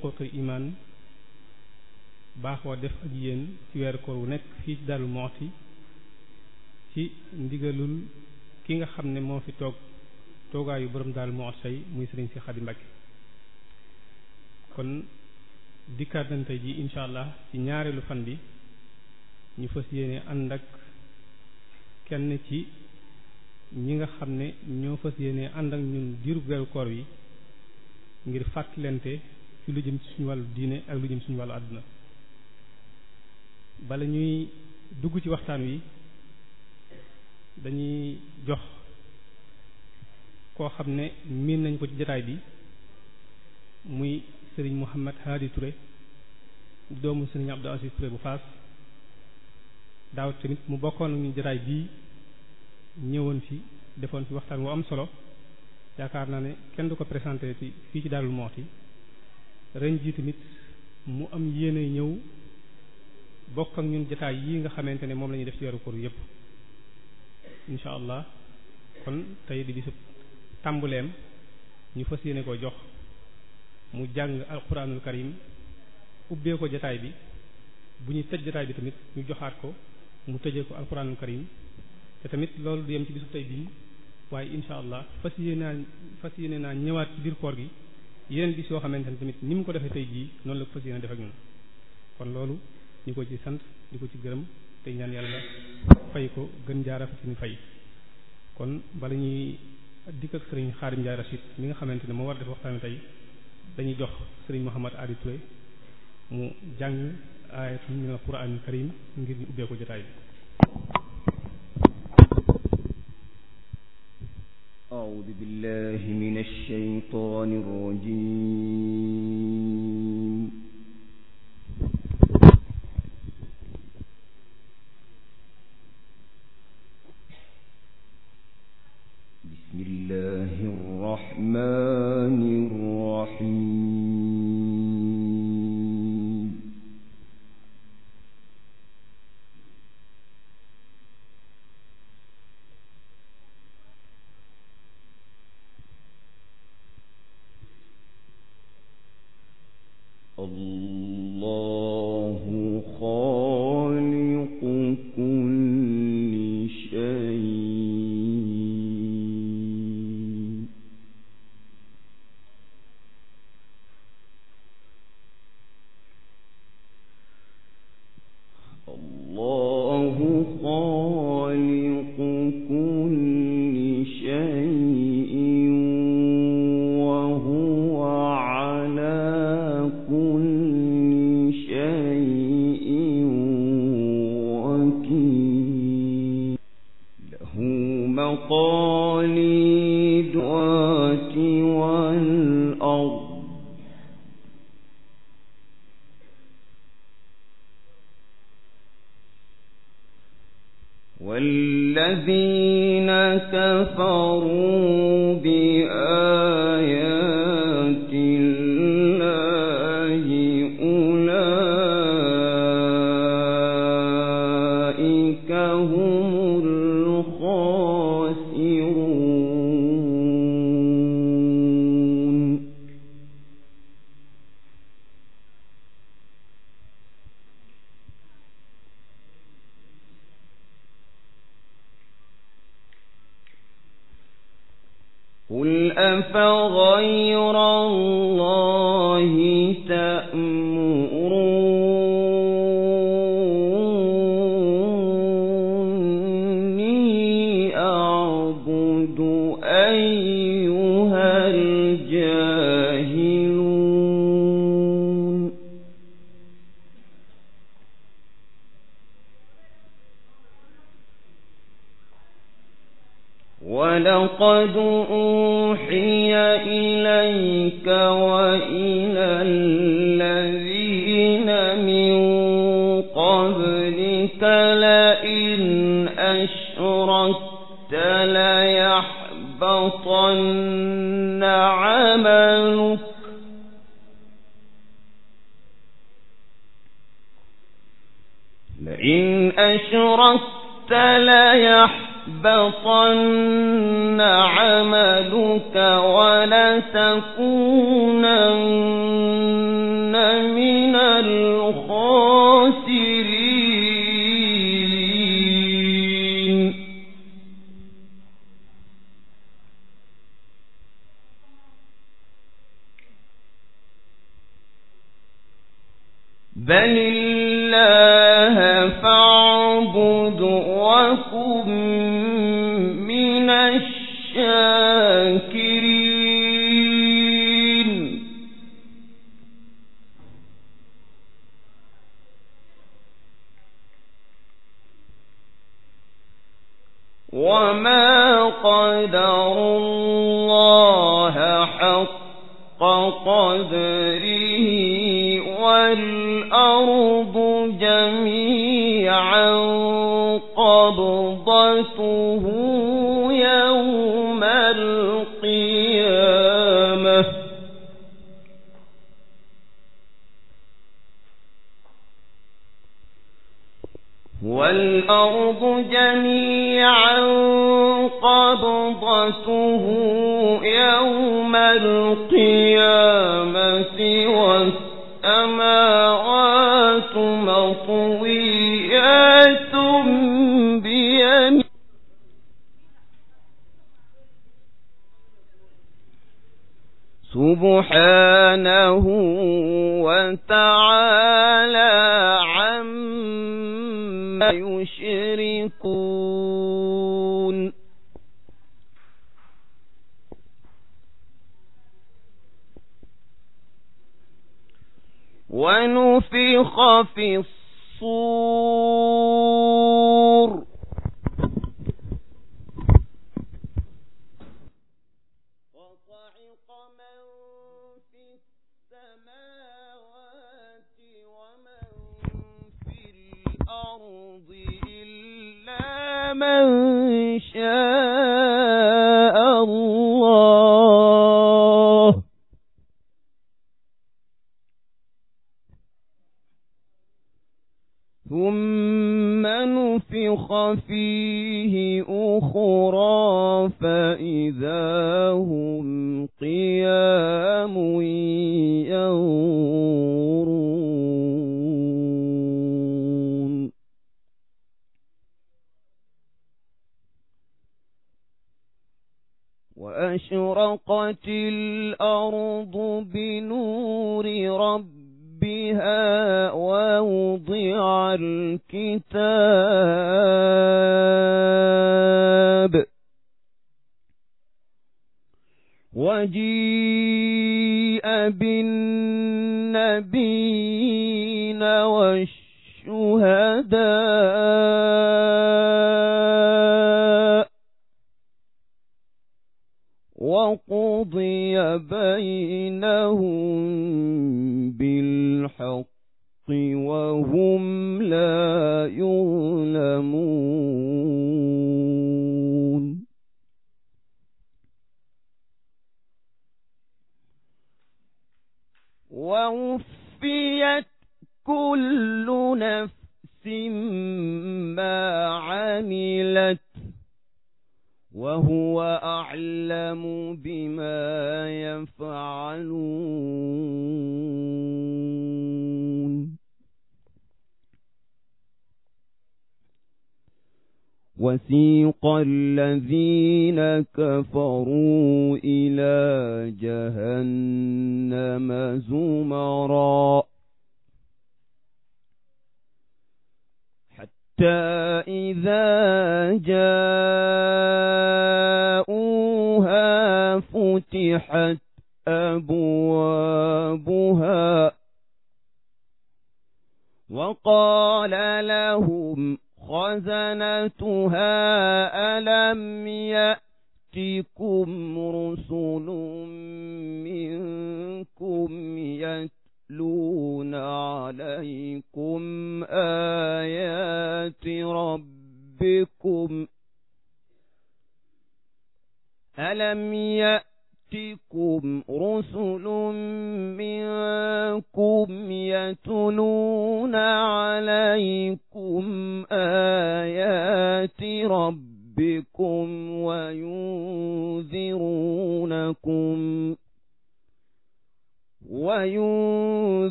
xuquqi imaan baaxoo def ak yéen ci weeru koor wu nekk fii ci Darou ci ndigalul ki nga xam ne moo fi toog toogaayu borom Darou Moukhty tey muy sëriñ si Xadim Mbàkke kon dikkaatante ji incha allah ci ñaareelu fan bi ñu fas yéene ànd ak kenn ci ñi nga xam ne ñoo fas yéene ànd ak ñun diirub weeru koor yi ngir fàttalente ci lu jëm suñu wàllu diine ak lu jëm suñu wàllu àdduna bala ñuy dugg ci waxtaan wi dañuy jox koo xam ne miin nañ ko ci jataay bi muy sëriñ Mouhamed Hadi Touré doomu sëriñ Abdou Aziz Touré bu Faas daaw tamit mu bokkoon ñu jataay bii ñëwoon fi defoon fi waxtaan wu am solo yaakaar naa ne kenn du ko présenté fii ci Darou Moukhty ren jii tamit mu am yéene ñëw bokk ak ñun jotaay yi nga xamante ne moom la def ci weeru koor yépp incha allah kon tey di bisub tàmbuleem ñu fas yéene ko jox mu jàng alquranul karim ubbee ko jataay bi bu ñu tëj jotaay bi tamit ñu joxaat ko mu tëjee ko alquranul karim te tamit loolu du yem ci bisub tey bii waaye incha allah fas yéene naa fas yéene naa ñëwaat ci biir koor gi. yeneen bis yoo xamante ne tamit ni mu ko defee tey jii noonu la ko fas yéene def ak ñun kon loolu ñu ko ci sant di ko ci gërëm te ñaan yàlla fay ko gën jaara fi fay kon bala ñuy dikk ak sëriñ njaar Ndiaye Rachid mi nga xamante ne moo war def waxtaan tey dañuy jox sëriñ Mouhamad Adi Touré mu jàng aayatu min al Qur'an karim ngir ñu ubbee ko jotaay bi أعوذ بالله من الشيطان الرجيم بسم الله الرحمن الرحيم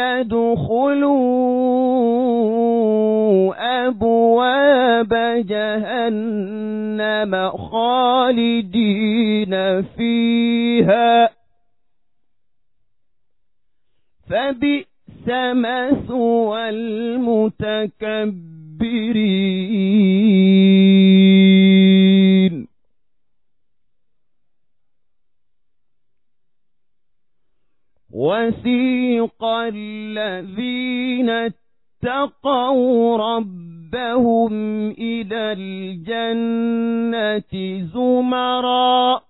لادخلوا أبواب جهنم خالدين فيها فبئس مثوى المتكبرين وسيق الذين اتقوا ربهم إلى الجنة زمرا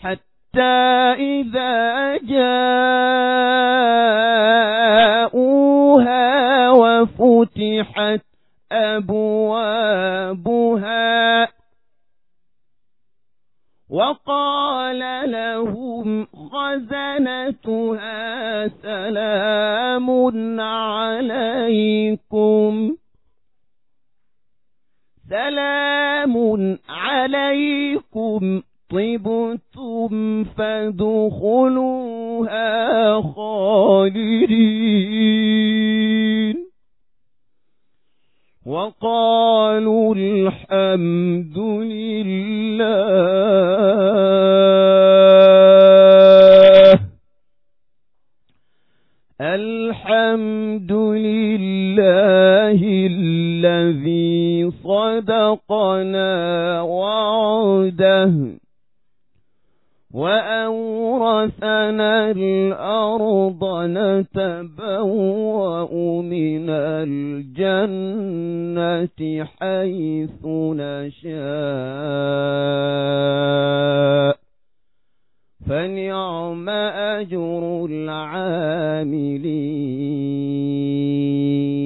حتى إذا جاءوها وفتحت أبوابها وقال لهم خزنتها سلام عليكم سلام عليكم طبتم فادخلوها خالدين وقالوا الحمد لله الحمد لله الذي صدقنا وعده وأورثنا الأرض نتبوأ من الجنة حيث نشاء فنعم أجر العاملين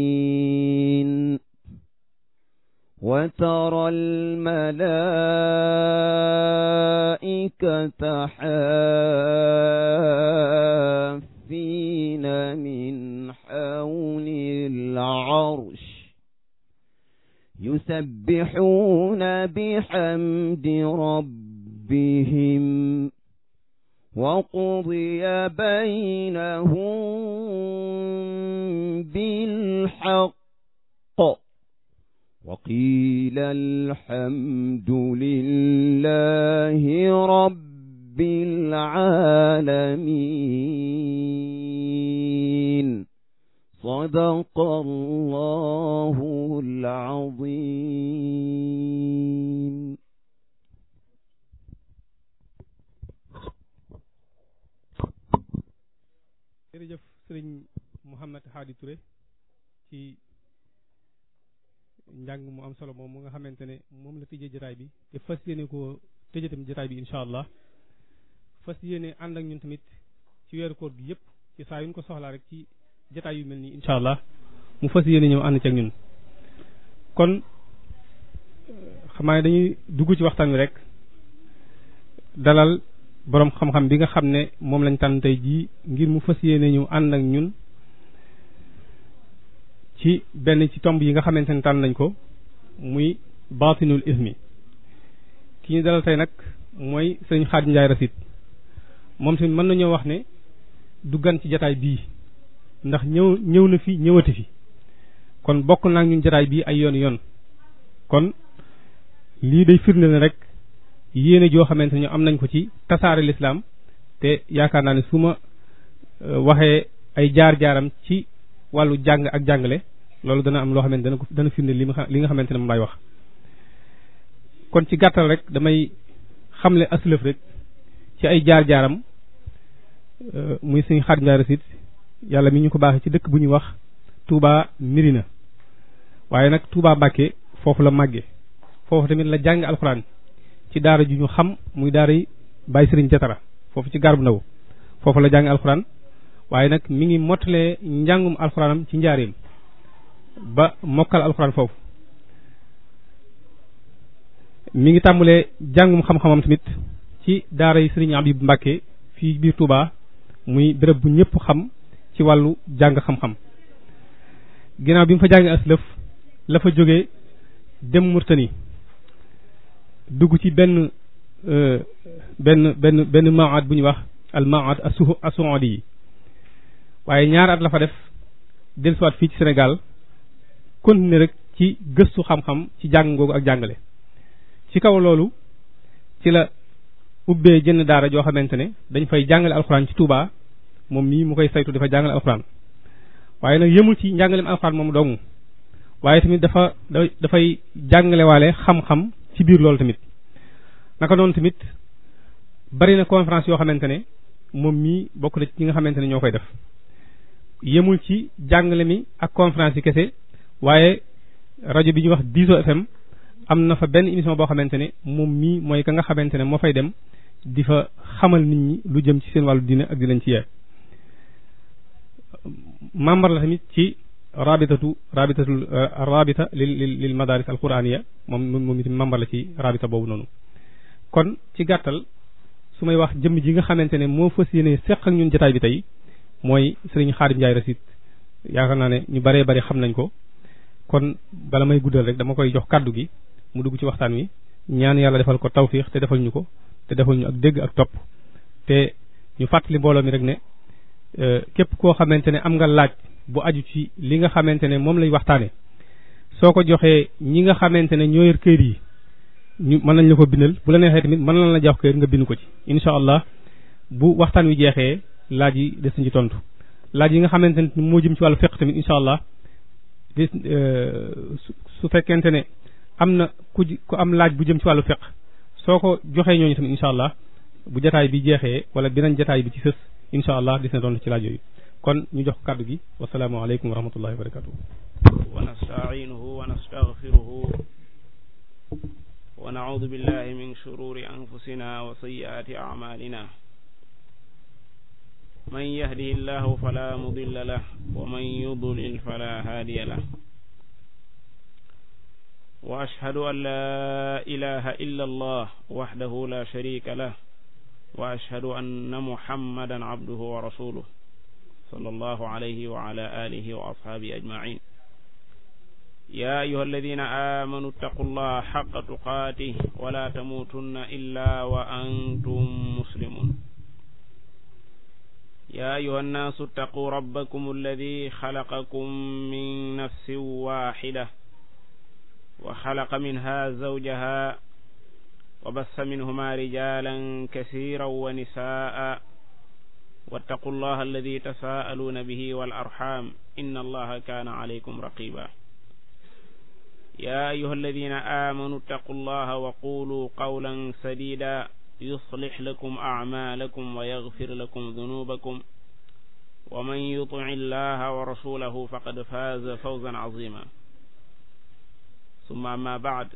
وترى الملائكة حافين من حول العرش يسبحون بحمد ربهم وقضي بينهم بالحق وقيل الحمد لله رب العالمين صدق الله العظيم jërëjëf sëriñ Mouhamed Hadi Touré ci njàng mu am solo moom mu nga xamante ne moom la tëjee jotaay bi te fas yéene ko tëjee tamit jotaay bi incha allah fas yéene ànd ak ñun tamit ci weeru koor bi yëpp ci saa yu ñu ko soxlaa rek ci jotaay yu mel nii incha allah mu fas yéene ñëw ànd ci ak ñun. kon xamaa ne dañuy dugg ci waxtaan wi rek dalal boroom xam-xam bi nga xam ne moom lañ tànn tey jii ngir mu fas yéene ñëw ànd ak ñun. ci benn ci tomb yi nga xamante ne nañ ko muy baatinul ismi ki ñu dalal tey nag mooy sëriñ Xaadim Njaay moom tamit mën nañoo wax ne du gan ci jataay bii ndax ñëw ñëw na fi ñëwati fi kon bokk naa ñun jataay bii ay yoon yoon kon lii day firnde ne rek yéene joo xamante ne am nañ ko ci tasaare lislaam te yaakaar naa ni su ma euh, waxee ay jaar-jaaram ci wàllu jàng ak jàngale loolu dana am loo xamante dana ko dana firnde li nga li nga xamante ne moom laay wax kon ci gàttal rek damay xamle aslëf rek ci ay jaar-jaaram euh, muy suñ xaat njaay rasit yàlla mi ñu ko baaxee ci dëkk bu ñuy wax Touba Mirina waaye nag Touba Mbàkke foofu la màggee foofu tamit la jàng alxuraan ci daara ju ñu xam muy daara yi Baye Serigne Jatara foofu ci bu ndaw foofu la jàng alxuraan waaye nag mi ngi mottalee njàngum alxuraanam ci njaareem ba mokkal alxuraan foofu mi ngi tàmbalee jàngum xam-xamam tamit ci daara yi sëriñ Abib Mbàkke fii biir Touba muy béréb bu ñëpp xam ci wàllu jàng xam-xam ginnaaw bi mu fa jàngee aslëf la fa jógee dem Murtani dugg ci benn euh, benn benn benn maad bu ñuy wax al maad as-suudi yi waaye ñaar at la fa def dellusiwaat fii ci Sénégal continuer rek ci gëstu xam-xam ci jàng googu ak jàngale. ci kaw loolu ci la ubbee jënn daara joo xamante ne dañu fay jàngale alxuraan ci Touba moom mii mu koy saytu dafa jàngale alxuraan waaye nag yëmul ci njàngaleem alxuraan moom dong waaye tamit dafa dafay jàngalewaale xam-xam ci biir loolu tamit naka noonu tamit bari na conférence yoo xamante ne moom mii bokk na ci nga xamante ne ñoo koy def. yemul ci jàngale mi ak conférence yi kese waaye rajo bi ñuy wax Diso FM am na fa benn émission boo xamante ne moom mii mooy ka nga xamante ne moo fay dem di fa xamal nit ñi lu jëm ci seen wàllu dina ak di ci yee membre la tamit ci rabitatu rabitatu euh, rabita lil lil madaris al quraniya moom moom itam membre la ci rabita boobu noonu kon ci gàttal su may wax jëmm ji nga xamante ne moo fas yéene seq ak ñun jotaay bi tey mooy seriñ Xaadim Njaay Rasid yaakaar naa ne ñu baree bari xam nañ ko kon bala may guddal rek dama koy jox kàddu gi mu dugg ci waxtaan wi ñaan yàlla defal ko tawfiix te defal ñu ko te defal ñu ak dégg ak topp te ñu fàttali mbooloo mi rek ne euh, képp koo xamante ne am nga laaj bu aju ci li nga xamante ne moom lañ waxtaane soo ko joxee ñi nga xamante ne ñooy yor kër yi ñu mën nañ la ko bindal bu la neexee tamit mën nañ la jox kër nga bind ko ci incha allah bu waxtaan wi jeexee laaj yi des nañ ci tontu laaj yi nga xamante ne moo jëm ci wàllu fiqh tamit incha allah des euh, su fekkente ne am na ku ku am laaj bu jëm ci wàllu fiqh soo ko joxee ñooñu tamit incha allah bu jataay bi jeexee wala beneen jataay bi ci sës incha allah des na tontu ci laaj yooyu kon ñu jox kàddu gi wasalaamu aleykum wa rahmatullahi wa barakatuh wa nastainuhu wa nastaghfiruhu wa na'udhu billahi min shururi anfusina wa sayyiati a'malina من يهده الله فلا مضل له ومن يضلل فلا هادي له وأشهد أن لا إله إلا الله وحده لا شريك له وأشهد أن محمدا عبده ورسوله صلى الله عليه وعلى آله وأصحابه أجمعين يا أيها الذين آمنوا اتقوا الله حق تقاته ولا تموتن إلا وأنتم مسلمون يا أيها الناس اتقوا ربكم الذي خلقكم من نفس واحدة وخلق منها زوجها وبث منهما رجالا كثيرا ونساء واتقوا الله الذي تساءلون به والأرحام إن الله كان عليكم رقيبا يا أيها الذين آمنوا اتقوا الله وقولوا قولا سديدا يصلح لكم أعمالكم ويغفر لكم ذنوبكم ومن يطع الله ورسوله فقد فاز فوزا عظيما ثم أما بعد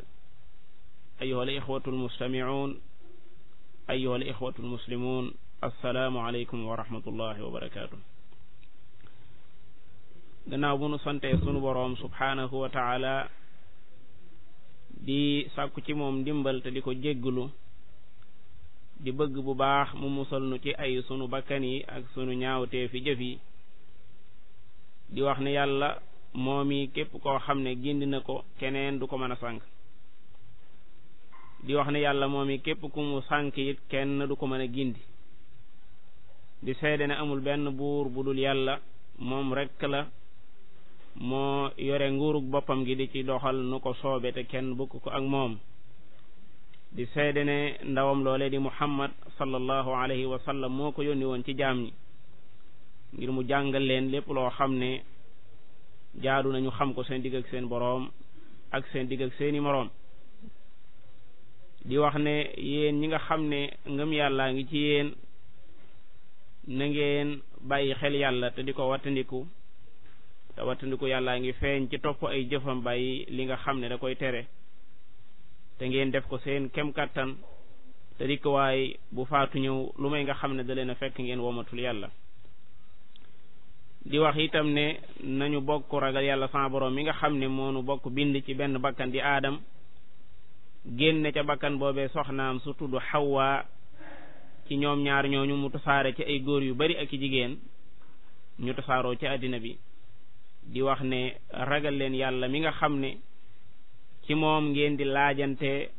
أيها الإخوة المستمعون أيها الإخوة المسلمون السلام عليكم ورحمة الله وبركاته gannaaw bu nu santee sunu boroom subhaanahu wa taala di sàkku ci moom ndimbal te di ko jéggalu di bëgg bu baax mu musal nu ci ay sunu bakkan yi ak sunu ñaawtee fi jëf yi di wax ne yàlla moom yi képp koo xam ne gindi na ko keneen du ko mën a sànk di wax ne yàlla moom yi képp ku mu sànk it kenn du ko mën a gindi di seede ne amul benn buur bu dul yàlla moom rekk la moo yore nguurug boppam gi di ci doxal nu ko soobe te kenn bokk ko ak moom di seede ne ndawam loole di muhammad sallallahu alayhi wa sallam moo ko yónni woon ci jaam ñi ngir mu jàngal leen lépp loo xam ne jaadu nañu xam ko seen digg ak seen boroom ak seen digg ak seeni moroom di wax ne yéen ñi nga xam ne ngëm yàllaa ngi ci yéen na ngeen bàyyi xel yàlla te di ko wattandiku te wattandiku yàllaa ngi feeñ ci topp ay jëfam bàyyi li nga xam ne da koy tere te ngeen def ko seen kem kàttan te bu faatu ñëw lu may nga xam ne daleen a fekk ngeen womatul yàlla di wax itam ne nañu bokk ragal yàlla sama borom mi nga xam ne moonu bokk bind ci benn bakkan di aadam génne ca bakkan boobe soxnaam su tudd xawwa ci ñoom ñaar ñooñu mu tasaare ci ay góor yu bari ak i jigéen ñu tosaaroo ci àddina bi di wax ne ragal leen yàlla mi nga xam ne ci moom ngeen di laajante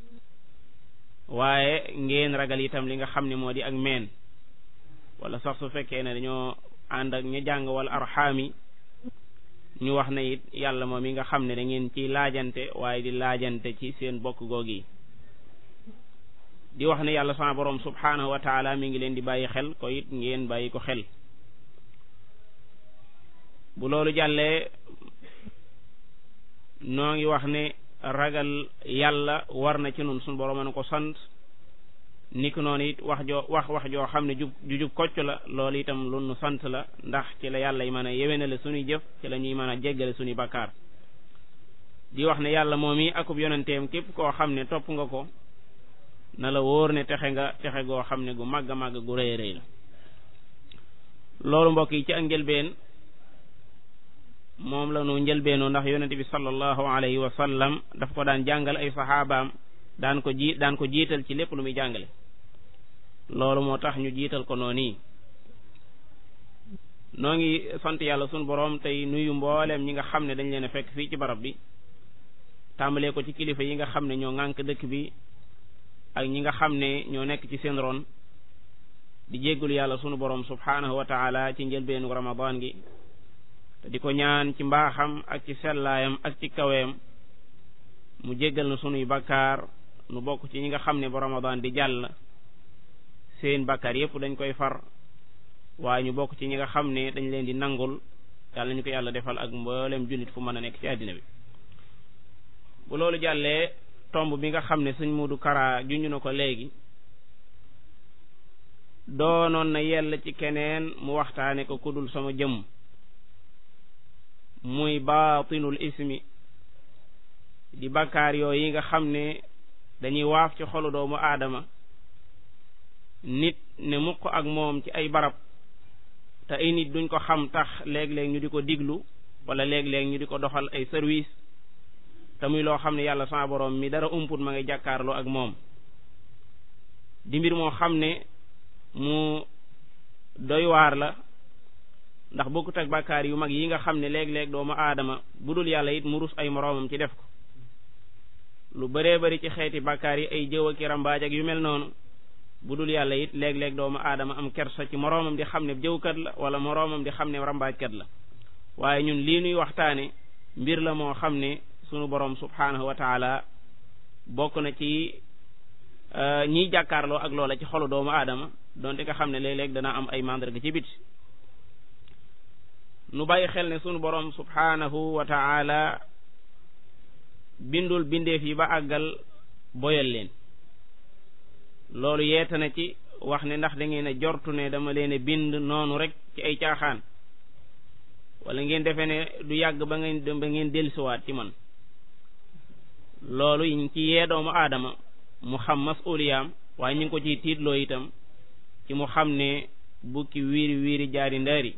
waaye ngeen ragal itam li nga xam ne moo di ak meen wala sax su fekkee ne dañoo ànd ak ñu jàng wal arxaami ñu wax na it yàlla moom yi nga xam ne da ngeen ciy laajante waaye di laajante ci seen bokk goog yi di wax ne yàlla sama boroom subhaanahu wa taala mi ngi leen di bàyyi xel ko it ngeen bàyyi ko xel bu loolu jàllee noo ngi wax ne ragal yàlla war na ci nun suñu borom ne ko sant niki noonu it wax joo wax wax joo xam ne jub ju jub kocc la loolu itam lu nu sant la ndax ci la yàlla yi mën a yewenale suñuy jëf ci la ñuy mën a jéggale suñuy bakkaar di wax na yàlla moom yi akub yonenteem képp koo xam ne topp nga ko na la wóor ne texe nga texe goo xam ne gu màgg a màgg gu rëy rëy la loolu mbokk yi ci ak njëlbeen moom la nu njëlbeenoo ndax yonente bi sallallahu alayhi wa sallam dafa ko daan jàngal ay saxaabaam daan ko ji daan ko jiital ci lépp lu muy jàngale loolu moo tax ñu jiital ko noonu nii noo ngi sant yàlla sunu boroom tey nuyu mbooleem ñi nga xam ne dañ leen a fekk fii ci barab bi tàmbalee ko ci kilifa yi nga xam ne ñoo ŋànk dëkk bi ak ñi nga xam ne ñoo nekk ci seen ron di jéggul yàlla sunu boroom subhaanahu wa taala ci njëlbeenu ramadan gi di ko ñaan ci mbaaxam ak ci sellaayam ak ci kaweem mu jéggal na sunuy bakkaar nu bokk ci ñi nga xam ne ba ramadan di jàll seen bakkaar yépp dañ koy far waaye ñu bokk ci ñi nga xam ne dañ leen di nangul yàlla lañu ko yàlla defal ak mboolem jullit fu mën a nekk ci àddina bi bu loolu jàllee tomb bi nga xam ne sëñ Moodu Kara juñu na ko léegi doonoon na yell ci keneen mu waxtaane ko kudul sama jëmm muy baatinul ismi di bakkaar yoo yi nga xam ne dañuy waaf ci xolu doomu aadama nit ne mukk ak moom ci ay barab te ay nit duñ ko xam tax léeg-léeg ñu di ko diglu wala léeg-léeg ñu di ko doxal ay service te muy loo xam ne yàlla sama borom mi dara umput ma ngay jàkkaarloo ak moom di mbir moo xam ne mu doy waar la ndax bokkut ak bakkaar yu mag yi nga xam ne léeg-léeg doomu aadama bu dul yàlla it mu rus ay moroomam ci def ko lu bëree bëri ci xeeti bàkkaar yi ay jëw aki rambaaj ak yu mel noonu bu dul yàlla it léeg-léeg doomu aadama am kersa ci moroomam di xam ne jëwkat la wala moroomam di xam ne rambaajkat la waaye ñun lii nuy waxtaane mbir la moo xam ne sunu borom subhaanahu wa taala bokk na ci euh, ñiy jàkkaarloo ak loola ci xolu doomu aadama donte nga xam ne léeg-léeg dana am ay màndarga ci bit nu bàyyi xel ne sunu borom subhaanahu wa ta'ala bindul bindeef yi ba àggal boyal leen loolu yeeta na ci wax ne ndax dangeen a jortu ne dama leen bind noonu rek ci ay caaxaan walla ngeen defe ne du yàgg ba ngeen ba ngeen dellusiwaat ci man loolu ñu ci yee aadama mu xam masuliyaam waaye ñu ngi ko ci tiitloo itam ci mu xam ne bukki wiiri wiiri jaari ndaari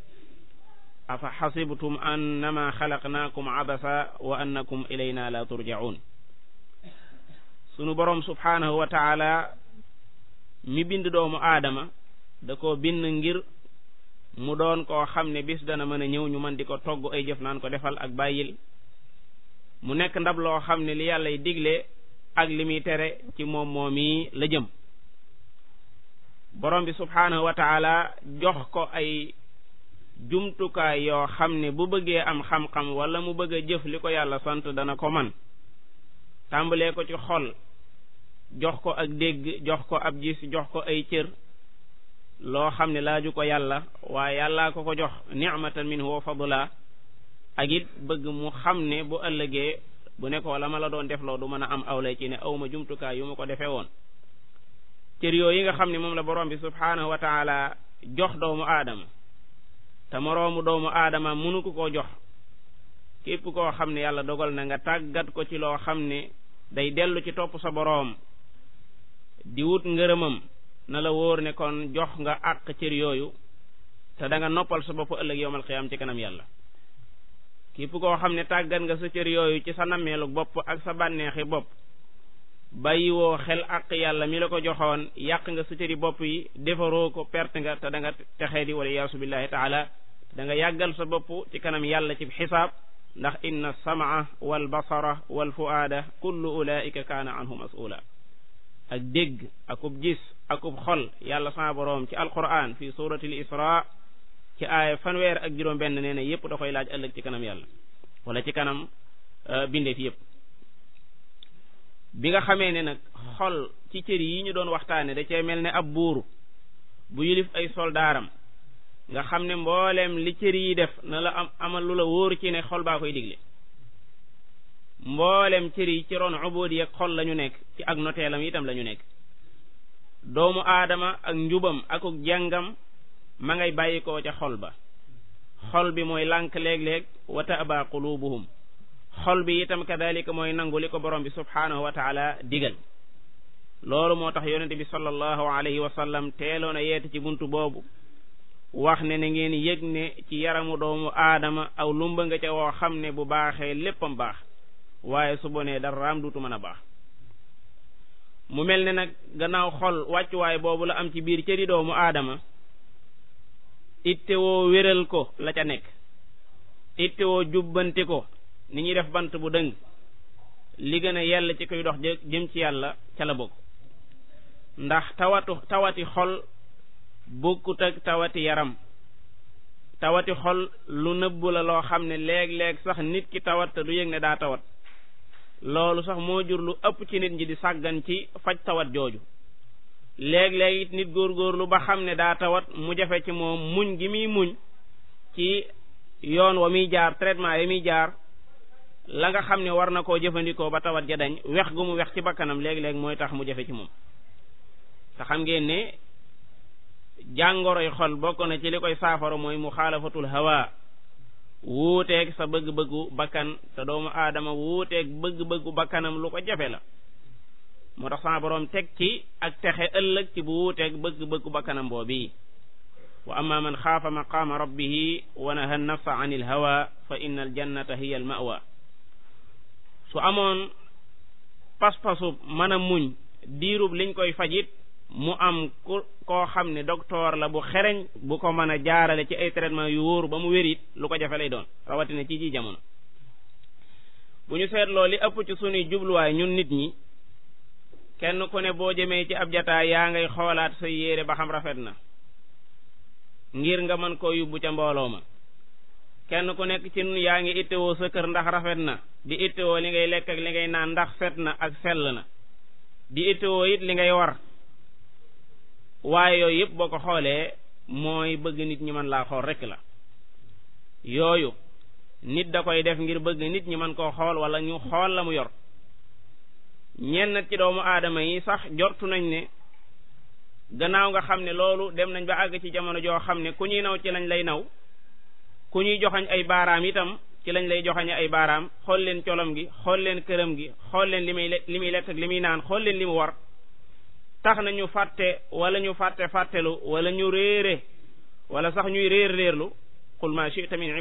afa xasibtum annama xalaqnaakum abasa wa annakum ilayna la turjaun sunu boroom subhaanahu wa taala mi bind doomu aadama da ko bind ngir mu doon koo xam ne bis dana mën a ñëw ñu man di ko togg ay jëf naan ko defal ak bàyyil mu nekk ndab loo xam ne li yàlla digle ak li muy tere ci moom moomi la jëm borom bi subhaanahu wa taala jox ko ay jumtukaay yoo xam ne bu bëggee am xam-xam wala mu bëgg a jëf li ko yàlla sant dana ko man tàmbalee ko ci xol jox ko ak dégg jox ko ab gis jox ko ay cër loo xam ne laaju ko yàlla waaye yàllaa ko ko jox ni'matan minhu wa fadla ak it bëgg mu xam ne bu ëllëgee bu ne ko la ma la doon def loo du mën a am awlay ci ne awma jumtukaay yu ma ko defee woon cër yooyu yi nga xam ne moom la borom bi subhaanahu wa taala jox doomu aadama te moroomu doomu aadama mënu ko koo jox képp koo xam ne yàlla dogal na nga tàggat ko ci loo xam ne day dellu ci topp sa boroom di wut ngërëmam na la wóor ne kon jox nga àq cër yooyu te danga noppal sa bopp ëllëg yowmal xiyaam ci kanam yàlla képp koo xam ne tàggat nga sa cër yooyu ci sa nammeelu bopp ak sa bànneexi bopp woo xel àq yàlla mi la ko joxoon yàq nga sutari bopp yi defaroo ko perte nga te da nga texee di wala yaasu billahi taala da nga yàggal sa bopp ci kanam yàlla ci xisaab ndax inna samaa wal basara wal fuaada kullu ulaika kaana anhu masula ak dégg akub ak akub xol yàlla sa boroom ci alquran fi surati l ci aaya fanweer ak juróom benn nee na laaj ëllëg ci kanam yàlla wala ci kanam euh, bindeef yépp bi nga xamee ne nag xol ci cër yi ñu doon waxtaane da cee mel ne ab buur bu yilif ay soldaaram nga xam ne mbooleem li cër yi def na la am amal lu la wóor ci ne xol baa koy digle mboolem cër yi ci ron ubood yeeg xol la ñu nekk ci ak noteelam itam la ñu nekk doomu aadama ak njubam akuk jàngam ma ngay bàyyikoo ca xol ba xol bi mooy lànk léeg-léeg wa taaba qulubuhum xol bi itam ka kadalika mooy nangu li ko borom bi subhaanahu wa taala digal loolu moo tax yonente bi sallallahu alayhi wa sallam teeloon a yeete ci buntu boobu wax ne na ngeen yëg ne ci yaramu doomu aadama aw lumba nga ca woo xam ne bu baaxee léppam baax waaye su bonee daraam duutu mën a baax mu mel ne nag gannaaw xol wàccuwaay boobu la am ci biir cëri doomu aadama ittewoo wéral ko la ca nekk ittewoo jubbante ko ni ñuy def bant bu dëng li gën a yàlla ci koy dox jëm ci yàlla ca la bokk ndax tawatu tawati xol bokkut ak tawati yaram tawati xol lu nëbbu la loo xam ne léeg-léeg sax nit ki tawat te du yëg ne daa tawat loolu sax moo jur lu ëpp ci nit ñi di sàggan ci faj tawat jooju léeg-léeg nit góor góorlu ba xam ne daa tawat mu jafe ci moom muñ gi muy muñ ci yoon wa muy jaar traitement yi muy jaar la nga xam ne war na koo jëfandikoo ba tawat ja dañ wex gu mu weex ci bakkanam léegi-léegi mooy tax mu jafe ci moom te xam ngeen ne jàngoroy xol bokk na ci li koy saafara mooy mu xaalafatul hawa wuuteeg sa bëgg-bëggu bakkan te doomu aadama wuuteeg bëgg-bëggu bakkanam lu ko jafe la moo tax sama teg ci ak texe ëllëg ci bu wuuteeg bëgg-bëggu bakkanam boobii wa amma man xaafa maqaama rabbihi wa naha nafsa an il hawa fa inna al jannata hiya su amoon pas pasu mën a muñ diirub liñ koy fajit mu am ku koo xam ne docteur la bu xereñ bu ko mën a jaarale ci ay traitement yu wóoru ba mu wérit lu ko jafe lay doon rawatina ci ji jamono bu ñu seetloo li ëpp ci sunuy jubluwaay ñun nit ñi kenn ku ne boo jëmee ci ab jataay yaa ngay xoolaat sa yére ba xam rafet na ngir nga mën koo yóbbu ca mbooloo ma kenn ku nekk ci nun yaa ngi ittewoo sa kër ndax rafet na di ittewoo li ngay lekk ak li ngay naan ndax set na ak sell na di ittewoo it li ngay war waaye yooyu yëpp boo ko xoolee mooy bëgg nit ñi mën laa xool rekk la yooyu nit da koy def ngir bëgg nit ñi mën koo xool wala ñu xool la mu yor ñenn ci doomu aadama yi sax jortu nañ ne gannaaw nga xam ne loolu dem nañ ba àgg ci jamono joo xam ne ku ñuy naw ci lañ lay naw ku ñuy joxañ ay baaraam tam ci lañ lay joxañe ay baaraam xool leen colom gi xool leen këram gi xool leen li may li muy lekk li muy naan xool leen li mu war tax na ñu fàtte wala ñu fàtte fàttelu wala ñu réere wala sax ñuy réer réerlu qul ma shi'ta min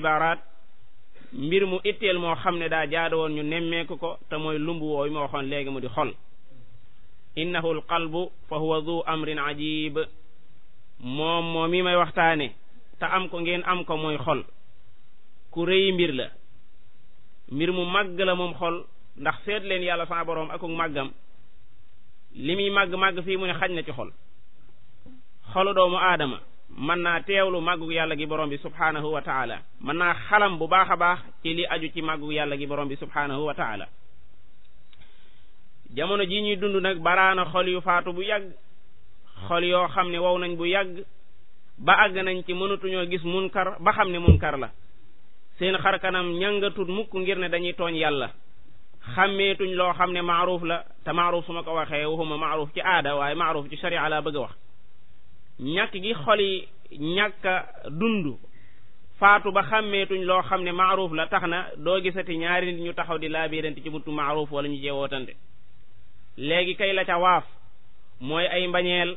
mbir mu itteel moo xam ne daa jaada woon ñu nemmeeku ko te mooy lumbu wooyu ma waxoon léegi mu di xol innahu al qalbu fa huwa du amrin ajib moom moom mi may waxtaane te am ko ngeen am ko mooy xol ku rëy mbir la mbir mu màgg la moom xol ndax seet leen yàlla sa boroom akuk màggam li muy màgg-màgg fii mu ne xaj na ci xol xolu doomu aadama mën naa teewlu màggug yàlla gi borom bi subhaanahu wa taala mën naa xalam bu baax a baax ci li aju ci màggug yàlla gi borom bi subhaanahu wa taala jamono ji ñuy dund nag baraana xol yu faatu bu yàgg xol yoo xam ne wow nañ bu yàgg ba àgg nañ ci mënatuñoo gis munkar ba xam ne munkar la seen xarkanam ñangatut mukk ngir ne dañuy tooñ yàlla xàmmeetuñ loo xam ne maaruuf la te maaruuf su ma ko waxee waxuma maaruuf ci aada waaye maaruuf ci sharia laa bëgg a wax ñàkk gi xol yi ñàkk dund faatu ba xàmmeetuñ loo xam ne maaruuf la tax na doo gisati ñaari nit ñu taxaw di laabiirante ci muttu maaruuf wala ñu jeewootante léegi kay la ca waaf mooy ay mbañeel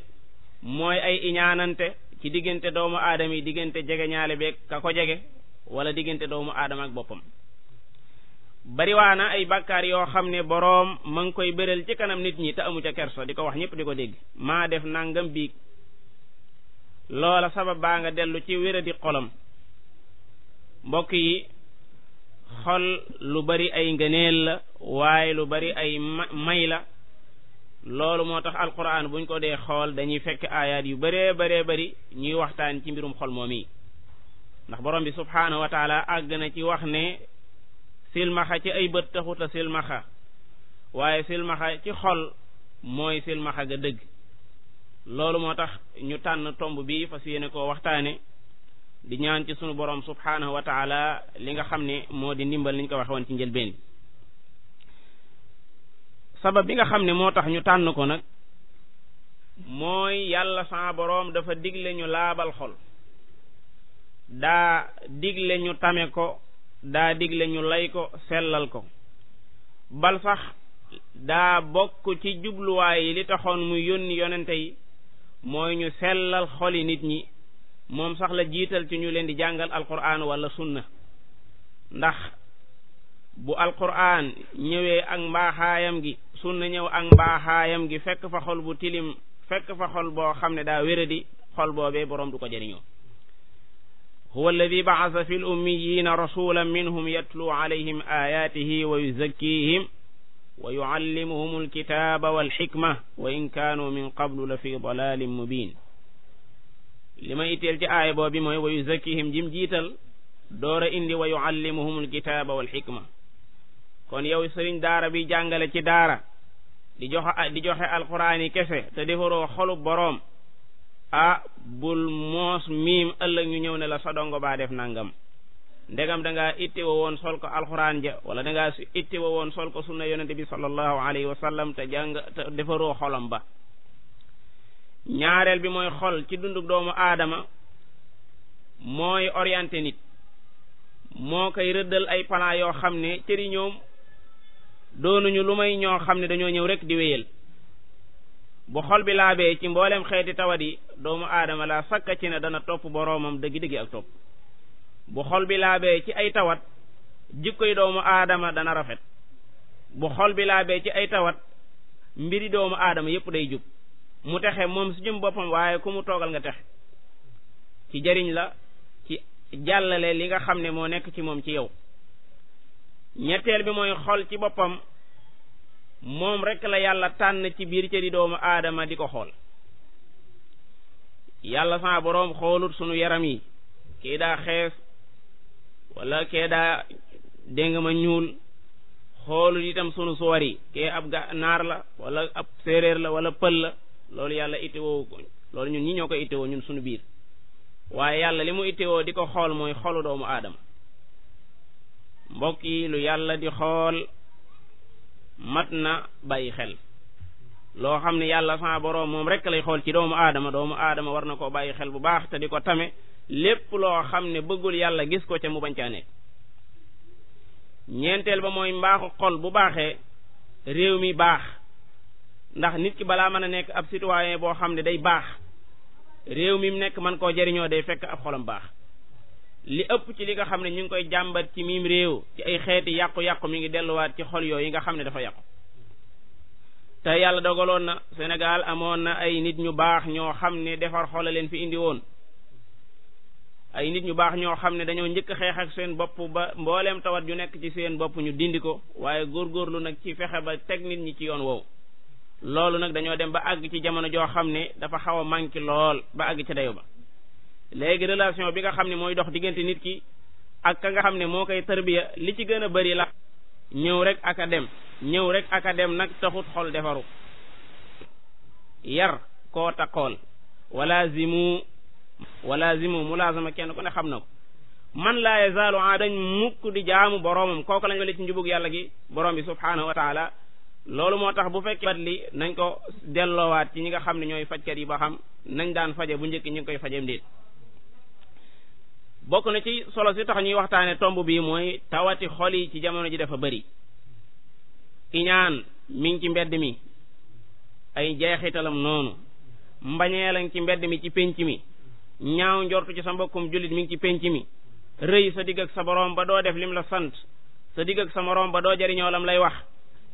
mooy ay iñaanante ci diggante doomu aadama yi diggante jege ñaale beeg ko jege wala diggante doomu aadama ak boppam bariwaana ay bàkkaar yoo xam ne boroom ma ngi koy bëral ci kanam nit ñi te amu ca kerso di ko wax ñëpp di ko dégg maa def nangam biig loola sabab baa nga dellu ci wéradi xolam mbokk yi xol lu bari ay ngëneel la waaye lu bari ay may la loolu moo tax alquran buñ ko dee xool dañuy fekk aayaat yu bëree bëree bari ñuy waxtaan ci mbirum xol moom yi ndax borom bi subhaanahu wa taala àgg na ci wax ne silmaxa ci ay bët taxuta silmaxa waaye silmaxa ci xol mooy silmaxa ga dëgg loolu moo tax ñu tànn tomb bi fas yéene koo waxtaane di ñaan ci sunu borom subhaanahu wa li nga xam ne moo di ndimbal ni ko waxe woon ci njëlbeen sabab bi nga xam ne moo tax ñu tànn ko nag mooy yàlla sa borom dafa digle ñu laabal xol daa digle ñu tame ko daa digle ñu lay ko sellal ko bal sax daa bokk ci jubluwaay yi li taxoon mu yónni yonente yi mooy ñu sellal xoli nit ñi moom sax la jiital ci ñu leen di jàngal alquran wala sunna ndax bu alquran ñëwee ak mbaaxaayam gi sunna ñëw ak mbaaxaayam gi fekk fa xol bu tilim fekk fa xol boo xam ne daa wéradi xol boobee boroom du ko jëriñoo huwa alladi bacasa fi lummiyiina rasula minhum yatluu alayhim ayaatihi wa yuzakkihim wa yuallimuhum alkitaaba walxikma wa in kaanuu min qablu la fi dalaalin mubin li ma itteel ci aaya boobi mooy wa yuzakkihim jim jiital door a indi wa yuallimuhum alkitaaba walxikma kon yow sëriñ daara bi jàngale ci daara di joxe di joxe alquraan yi kese te defaroo xolub boroom ah bul moos miim ëllëg ñu ñëw ne la sa dongo baa def nangam ndegam danga ngaa itti wa woon sol ko alxuraan ja wala da ngaa itti wa woon sol ko sunna yonente bi sallallahu alayhi wa sallam te jàng te defaroo xolam ba ñaareel bi mooy xol ci dundug doomu aadama mooy orienté nit moo koy rëddal ay palaa yoo xam ne cëri ñoom doonuñu lu may ñoo xam ne dañoo ñëw rek di wéyal bu xol bi laabee ci mboolem xeeti tawat yi doomu aadama laa sakka ci ne dana topp boroomam dëgg-dëgg ak topp bu xol bi laabee ci ay tawat jikkoy doomu aadama dana rafet bu xol bi laabee ci ay tawat mbiri doomu aadama yépp day jub mu texe moom si jëm boppam waaye ku mu toogal nga texe ci jariñ la ci jàllale li nga xam ne moo nekk ci moom ci yow ñetteel bi mooy xol ci boppam moom rekk la yàlla tànn ci biir cëri doomu aadama di ko xool yàlla sama boroom xoolut sunu yaram yi kii daa xees walla kee daa dénga ma ñuul xoolut itam sunu suwar yi kee ab ga naar la wala ab séeréer la wala pël la loolu yàlla ittiwoo ko loolu ñun ñi ñoo ko ittiwoo ñun suñu biir waaye yàlla li mu ittiwoo di ko xool mooy xoolu doomu aadama mbokk yi lu yàlla di xool mat na bàyyi xel loo xam ne yàlla sa boroom moom rek lay xool ci doomu aadama doomu aadama war na koo bàyyi xel bu baax te di ko tame lépp loo xam ne bëggul yàlla gis ko ca mu bañ caa ñeenteel ba mooy mbaaxu xol bu baaxee réew mi baax ndax nit ki balaa mën a nekk ab citoyen boo xam ne day baax réew mi mu nekk man koo jariñoo day fekk ab xolam baax li ëpp ci li nga xam ne ñu ngi koy jàmbat ci miim réew ci ay xeeti yàqu-yàqu mi ngi delluwaat ci xol yooyu yi nga xam ne dafa yàqu te yàlla dogaloon na Sénégal amoon na ay nit ñu baax ñoo xam ne defar xoola leen fi indi woon ay nit ñu baax ñoo xam ne dañoo njëkk xeex ak seen bopp ba mbooleem tawat ju nekk ci seen bopp ñu dindi ko waaye góorgóorlu nag ci fexe ba teg nit ñi ci yoon woowu loolu nag dañoo dem ba àgg ci jamono joo xam ne dafa xaw a manqué lool ba ci dayo ba léegi relation bi nga xam ne mooy dox diggante nit ki ak ka nga xam ne moo koy tarbiya li ci gën a bari la ñëw rek ak a dem ñëw rek ak a dem nag taxut xol defaru yar koo taqool walaazimu walaazimu mulaazama kenn ku ne xam na ko man laa yazaalu dañ mukk di jaamu boroomam kooku lañ wala ci njubug yàlla gi borom bi subhaanahu wa taala loolu moo tax bu fekkee bat li nañ ko delloowaat ci ñi nga xam ne ñooy fajkat yi ba xam nañ daan faje bu njëkk ñu ngi koy fajem bokk na ci solo yi tax ñuy waxtaane tomb bii mooy tawati xol yi ci jamono ji dafa bëri iñaan mi ngi ci mbedd mi ay jeexitalam noonu mbañeelañ ci mbedd mi ci pénc mi ñaaw njortu ci sa mbokkum jullit mi ngi ci pénc mi rëy sa digg ak sa borom ba doo def lim la sant sa digg ak sa morom ba doo jariñoo lay wax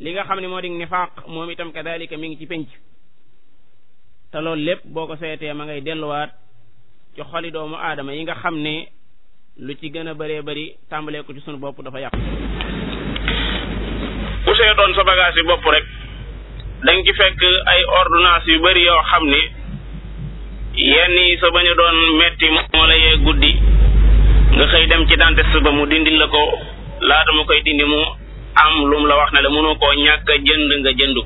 li nga xam ne moo di nifaaq moom itam kadalika mi ngi ci pénc te loolu lépp boo ko seetee ma ngay delluwaat ci xoli doomu aadama yi nga xam ni lu ci gën a bëree bëri tàmbalee ko ci sunu bopp dafa yàqu. ku seetoon sa bagage yi bopp rek da nga ci fekk ay ordonnance yu bëri yoo xam ni yenn yi sa bañ a doon metti moo la yee guddi nga xëy dem ci dentiste ba mu dindi la ko laata mu koy dindi mu am lum la wax na la mënoo koo ñàkk a jënd nga jënd ko.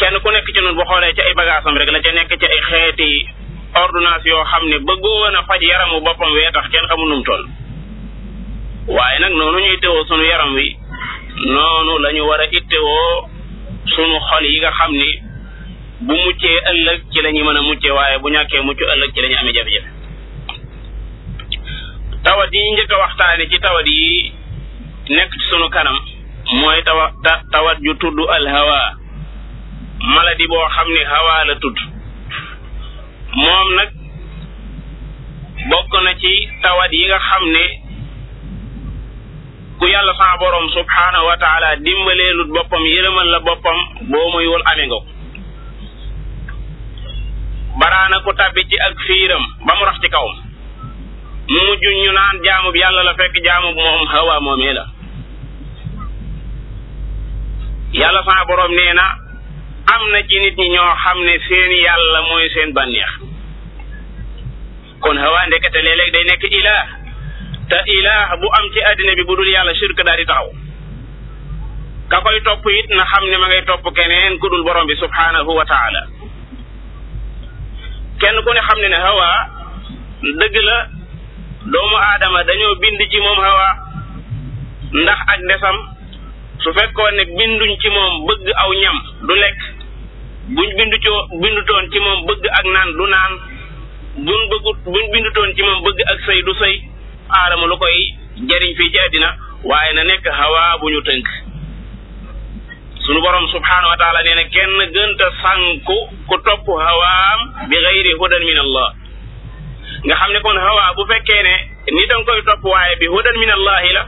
kenn ku nekk ci noonu bu xoolee ci ay bagaasam rek la ca nekk ci ay xeeti ordonnance yoo xam ne bëggoon a faj yaramu boppam wee tax kenn xamul nu mu waaye nag noonu ñuy tewoo sunu yaram wi noonu lañu ñu war a ittewoo sunu xol yi nga xam ni bu muccee ëllëg ci la ñuy mën a mucce waaye bu ñàkkee mucc ëllëg ci la ñu amee tawat yi njëkk a waxtaane ci tawat yi nekk ci sunu kanam mooy tawa tawat ju tudd al hawa maladi boo xam ne hawa la tudd moom nag bokk na ci tawat yi nga xam ni ku yàlla sa borom subhaanahu wa taala dimbaleelut boppam yërëmal la boppam boo moywul amee nga ko baraana ku tabbi ci ak fiiram ba mu rax ci kawam mu mujj ñu naan jaamub yàlla la fekk jaamub moom hawa moomee la yàlla sa borom nee na am na ci nit ñi ñoo xam ne seen yàlla mooy seen bànneex kon xawaa ndekete léeg-léeg day nekk ilaah te ilaah bu am ci àddina bi bu dul yàlla shirk daal di taxaw ka koy topp it na xam ne ma ngay topp keneen ku dul borom bi subhaanahu wa taala kenn ku ne xam ne ne xawaa dëgg la doomu aadama dañoo bind ci moom xawaa ndax ak desam su fekkoon ne binduñ ci moom bëgg aw ñam du lekk buñ bindu coo bindutoon ci moom bëgg ak naan du naan buñ bëggut buñ bindutoon ci moom bëgg ak sëy du sëy aadama lu koy jariñ fii ci àddina waaye na nekk hawa bu ñu tënk sunu borom subhanahu wa taala kenn gënta sànku ku topp hawaam bi gayri hudan min allah nga xam ne kon hawa bu fekkee ne ni danga koy topp waaye bi hudan min allahi la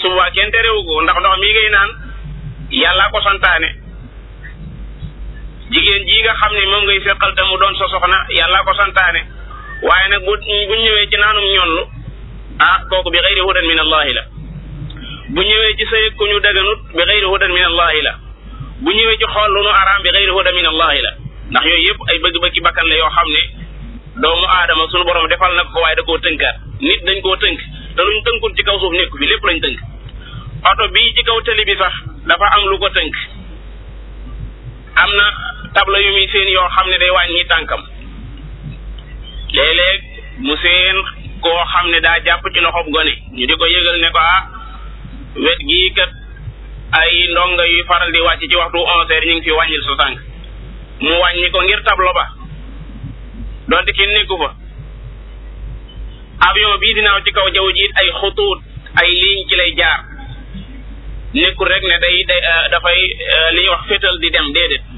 suba kenn terewu ko ndax ndox mi ngay naan yàlla ko santaane jigéen ji nga xam ne moom ngay fekkal te mu doon sa soxna yàlla ko santaane waaye nag bu bu ñëwee ci naanum ñonlu ah kooku bi xëyri hudan min allahi la bu ñëwee ci sëy ku ñu daganut bi xëyri hudan min la bu ñëwee ci xool lu nu araam bi xëyri hudan min allahi la ndax yooyu yëpp ay bëgg-bëggi bakkan la yoo xam ne doomu aadama sunu borom defal na ko waaye da koo tënkaat nit dañ koo tënk te luñ tënkul ci kaw suuf nekku fi lépp lañ tënk oto bii ci kaw tëli bi sax dafa am lu ko tënk am na tabla yu muy seen yoo xam ne day wàññi tànkam léeg mu seen koo xam ne daa jàpp ci loxob gone ñu di ko yëgal ne ko ah wet gii kat ay ndonga yuy faral di wàcc ci waxtu onze heures ñu ngi fi wàññil sa tànk mu wàññi ko ngir tablo ba donte kenn nekku fa avion bii dinaaw ci kaw jaww ji ay xutuut ay ligne ci lay jaar nekkul rek ne day euh, dafay euh, li ñuy wax fétal di dem déedéet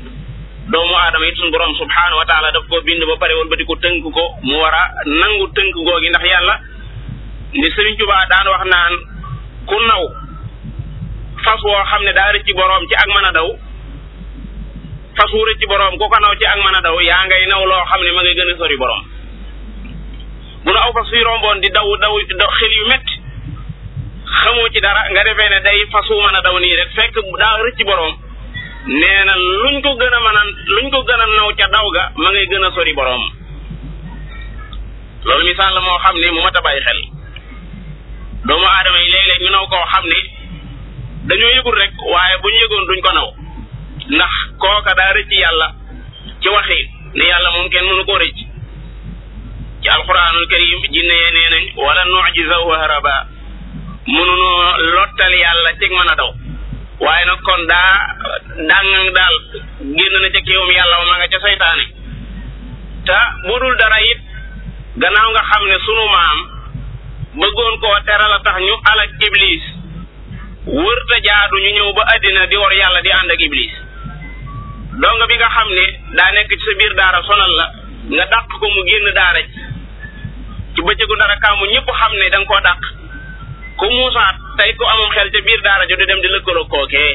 doomu aadama it suñu borom subhaanahu wa taala daf ko bind ba pare woon ba di ko tënk ko mu war a nangu tënk googi ndax yàlla ni Sëriñ Tuubaa daan wax naan ku naw fas woo xam ne daa rëcc boroom ci ak mën a daw fas wu boroom ku ko naw ci ak mën a daw yaa ngay naw loo xam ne ma ngay gën a sori boroom bu nu aw fas wi romboon di daw daw xel yu métti xamoo ci dara nga defee ne day fas wu mën a daw nii rek fekk daa rëcc boroom nee na luñ ko gën a mën a luñ ko gën a naw ca daw ga ma ngay gën a sori boroom loolu misaal moo xam ne mu mat a bàyyi xel doomu aadama yi léeg-léeg ñu naw koo xam ne dañoo yëgul rek waaye bu ñu yëgoon duñ ko naw ndax kooka daa rëcc yàlla ci waxi ne yàlla moom kenn mënu koo rëcc ci alxuraanul karim jinne yee nee nañ wala nujizahu haraba mënunoo lottal yàlla cig mën a daw waaye nag kon daa ndàngang daal génn na ca kéewum yàlla ma nga ca seytaane te bu dul dara it gannaaw nga xam ne sunu maam bëggoon koo teral a tax ñu alak iblis wërta jaadu ñu ñëw ba àddina di war yàlla di ànd ak iblis donga bi nga xam ne daa nekk ci sa biir daara sonal la nga dàq ko mu génn daara ci bëccëgu ndara kaamu ñëpp xam ne danga nga koo dàq ku muusaat tey ku amum xel ca biir daara jo di dem di lëkkaloo kookee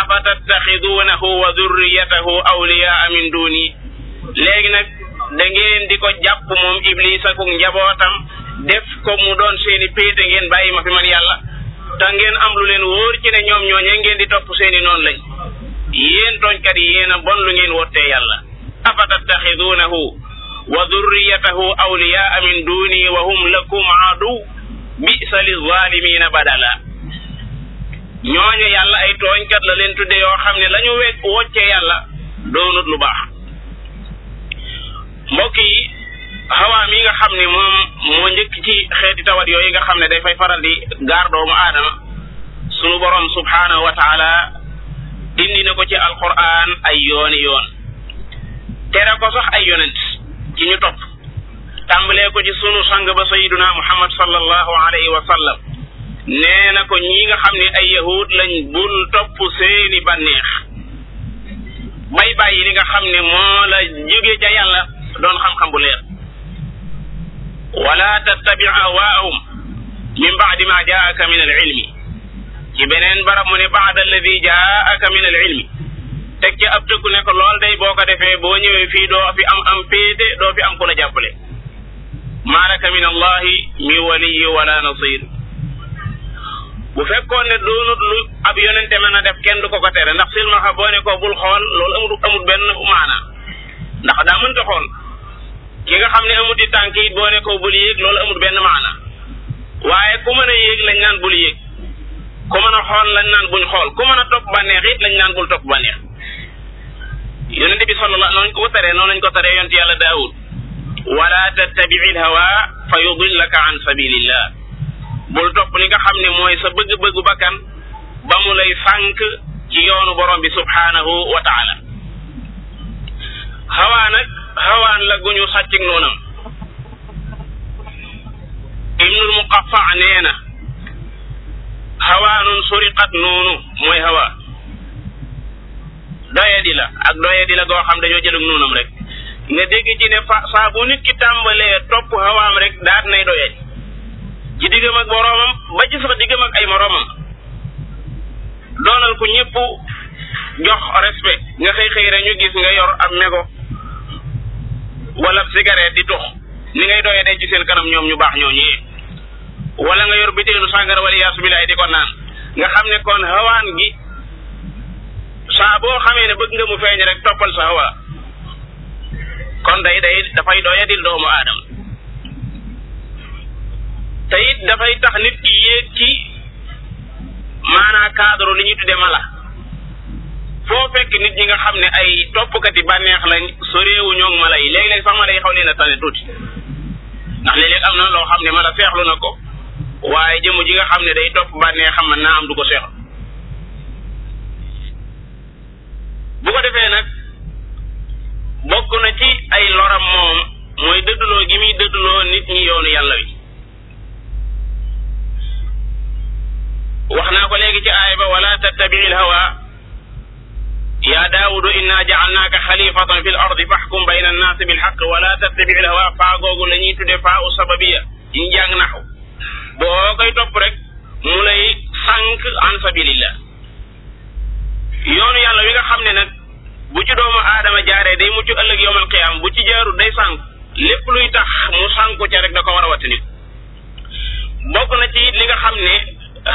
afa tattaxiduunahu wa durriyatahu awliyaa min duni léegi nag da di ko jàpp moom iblis ak njabootam def ko mu doon seeni péete ngeen bàyyi ma fi man yàlla te ngeen am lu leen wóor ci ne ñoom ñooñee ngeen di topp seeni noonu lañ yéen tooñkat yi yéen a bon lu ngeen wottee yàlla afa tattaxiduunahu wa durriyatahu awliyaa min duni wa hum lakum aadu bisa li zaalimiina badala ñooñu yàlla ay tooñkat la leen tudde yoo xam ne la ñu wekk wocce yàlla doonut lu baax mbokk yi nga xam ne moom moo njëkk ci xeeti tawat yooyu nga xam ne day fay faral di gaar doomu aadama sunu borom subhaanahu wa taala dindi na ko ci alquran ay yooni yoon tere ko sax ay yonent ci ñu topp tàmbalee ko ci sunu sang ba sayyiduna muhammad sallallahu alayhi wa sallam nee ko ñi nga xam ne ay yahud lañ bul topp seeni bànneex bay bàyyi li nga xam ne moo la jóge ca yàlla doon xam-xam bu leer wala tattabi awaahum min baadi ma jaaka min al ci beneen barab mu ne baada alladi jaaka min al ilmi ab tëkku ne ko lool day boo ko defee boo ñëwee fii fi am am péete doo am ku la jàppale maa laka min allahi mi waliyi wala nasir bu fekkoon ne doonut lu ab yonente mën a def kenn du ko ko tere ndax silmaxa boo ne ko bul xool loolu amut amut benn maana ndax daa mënta xool ki nga xam ne amut tànk it boo ne ko bul yéeg loolu amut benn maana waaye ku mën a yéeg lañ naan bul yéeg ku mën a xool lañ naan buñ xool ku mën a topp bànneex it lañ naan bul topp bànneex yonente bi sallallahu noonu ko teree noonu lañ ko teree yonent yàlla daawud wala tattabii lhawa fa yudillaka an sabilillah bul topp li nga xam ne mooy sa bëgg-bëggu bakkan ba mu lay sànk ci yoonu borom bi subhaanahu wa taala xawaa nag xawaan la guñu sàccig noonam ibnul muqaffa nee na xawaanun suriqat noonu mooy xawaa doye di la ak doye di la goo xam dañoo jëlug noonam rek nga dégg ci ne fa saa bu nit ki tàmbalee topp hawaam rek daat nay doyee ci diggam ak boroomam ba ci sax diggam ak ay moroomam doonal ku ñëpp jox respect nga xëy xëy rek ñu gis nga yor am mego wala cigarette di tux ni ngay doyee de ci seen kanam ñoom ñu baax ñoo ñëwee wala nga yor biteelu sàngara wala yaasu bilaay di ko naan nga xam ne kon hawaan gi saa boo xamee ne bëgg nga mu feeñ rek toppal sa hawa kon day day dafay doyadil doomu aadama te dafay tax nit ki yéeg ci maanaa cadre li ñuy tudde mala foo fekk nit ñi nga xam ne ay toppkati bànneex lañ soreewu ñoog mala yi léeg-léeg sax mala yi xaw leen a tane tuuti ndax léeg am na loo xam ne mala seexlu na ko waaye jëmu ji nga xam ne day topp bànneexam man naa am du ko seexlu bu ko defee nag bokk na ci ay loram moom mooy dëdduloo gi muy dëdduloo nit ñi yoonu yàlla wi wax naa ko léegi ci aaya wala tattabi'il hawa yaa daawudu inna ja'alnaaka xalifatan fil ardi faxkum bayna annaasi bil xaq wala tattabi'il hawa faa googu la ñuy tuddee faa u sababiya yi ñu naxu boo koy topp rek mu an sabilillah yoonu yàlla wi nga ne nag bu ci doomu aadama jaaree day mucc ëllëg yowmal qiyaam bu ci jaarut day sànku lépp luy tax mu sànku ca rek da ko war a wattani bokk na ci li nga xam ne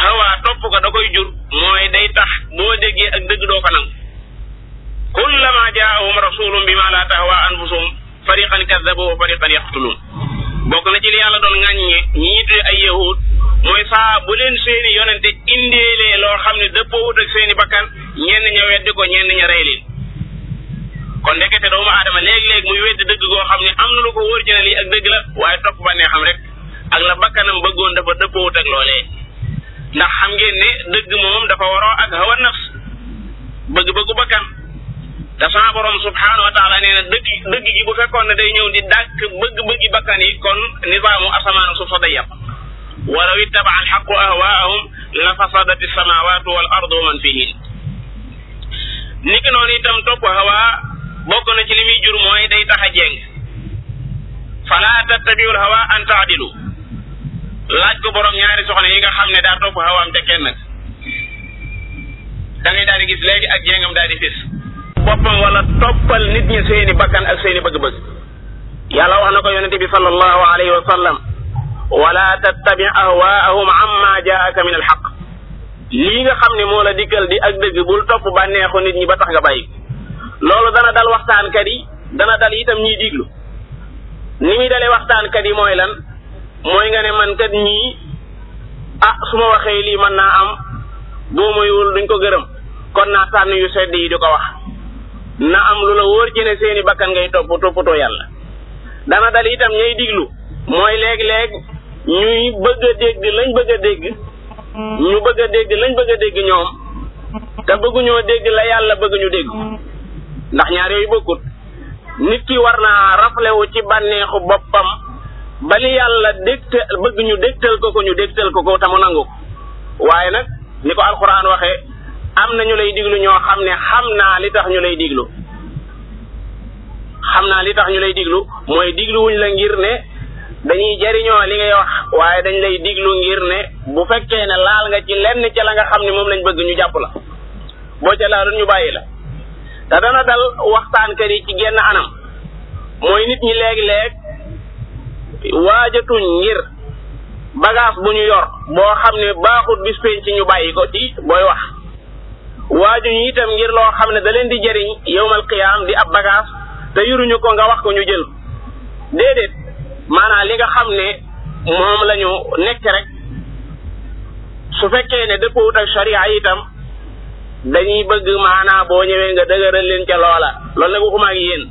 hawa topp ko da koy jur mooy day tax bu ma déggee ak dëgg doo ko nangu kullama jaahum rasulun bima la tahwa anfusum fariqan kaddabu wa fariqan yaqtulun bokk na ci li yàlla doon ŋàññe ñi ñi tuddee ay yahud mooy saa bu leen seeni yonente indeelee loo xam ne dëppoo wut ak seeni bakkan ñenn ña weddi ko ñenn rey leen kon ndekete doomu aadama léegi-léegi muy weddi dëgg goo xam ne am na lu ko wóor ci ne lii ak dëgg la waaye topp bannee xam rek ak la bakkanam bëggoon dafa dëppoowut ak loolee ndax xam ngeen ne dëgg moom dafa waroo ak hawa nafs bëgg-bëggu bakkan te sama borom subhaanahu wa na dëgg dëgg gi bu fekkoon ne day ñëw di dàkk bëgg-bëggi bakkan yi kon nisaamu asamaanu suuf sa day yàpp walaw ittaba alxaqu ahwaahum la fasadati samawaatu wal ardu wa man fihin niki bokk na ci li jur mooy day tax a jeng fala tattabiul hawa an taadilu laaj ko borom ñaari soxla yi nga xam ne daal topp hawaam te kenn nag da daal di gis léegi ak jéngam daal di fis boppam wala toppal nit ñi seeni bakkan ak seeni bëgg-bëgg yàlla wax na ko yonente bi sallallahu alayhi wa sallam tattabi ahwaahum amma jaaka min alxaq lii nga xam ne moo la dikkal di ak dëgg bul topp bànneexu nit ñi ba tax nga bàyyi loolu dana dal waxtaankat yi dana dal itam ñiy diglu ni muy dalee waxtaankat yi mooy lan mooy nga ne man kat ñii ah su ma waxee lii man naa am boo moywul duñ ko gërëm kon naa sànni yu sedd yi di ko wax na am lu la wóor ci ne seeni bakkan ngay topp too yàlla dana dal itam ñay diglu mooy léeg-léeg ñuy bëgg a dégg lañ bëgg a dégg ñu bëgg a dégg lañ bëgg a dégg ñoom te bëgguñoo dégg la yàlla bëgg ñu dégg ndax ñaar yooyu bokkut nit ki war naa raflewu ci bànneexu boppam bali yàlla dégtal bëgg ñu dégtal ko ko ñu dégtal ko ko te mu nangu ko waaye nag ni ko alxuraan waxee am na ñu lay diglu ñoo xam ne xam naa li tax ñu lay diglu xam naa li tax ñu lay diglu mooy digluwuñ la ngir ne dañuy jariñoo li ngay wax waaye dañ lay diglu ngir ne bu fekkee ne laal nga ci lenn ca la nga xam ne moom lañ bëgg ñu jàpp la boo ca laalul ñu bàyyi la te dana dal waxtaankat yi ci genn anam mooy nit ñi léeg-léeg waajatuñ ngir bagage bu ñu yor boo xam ne baaxut bis ñu bàyyi ko ci booy wax waajuñu itam ngir loo xam ne daleen di jëriñ yowmal qiyaam di ab bagage te yuruñu ko nga wax ko ñu jël déedéet maanaam li nga xam ne moom la ñu nekk rek su fekkee ne dëppoo ak sharia itam dañuy bëgg maanaa boo ñëwee nga dëgëral leen ca loola loolu nag waxuma ak yéen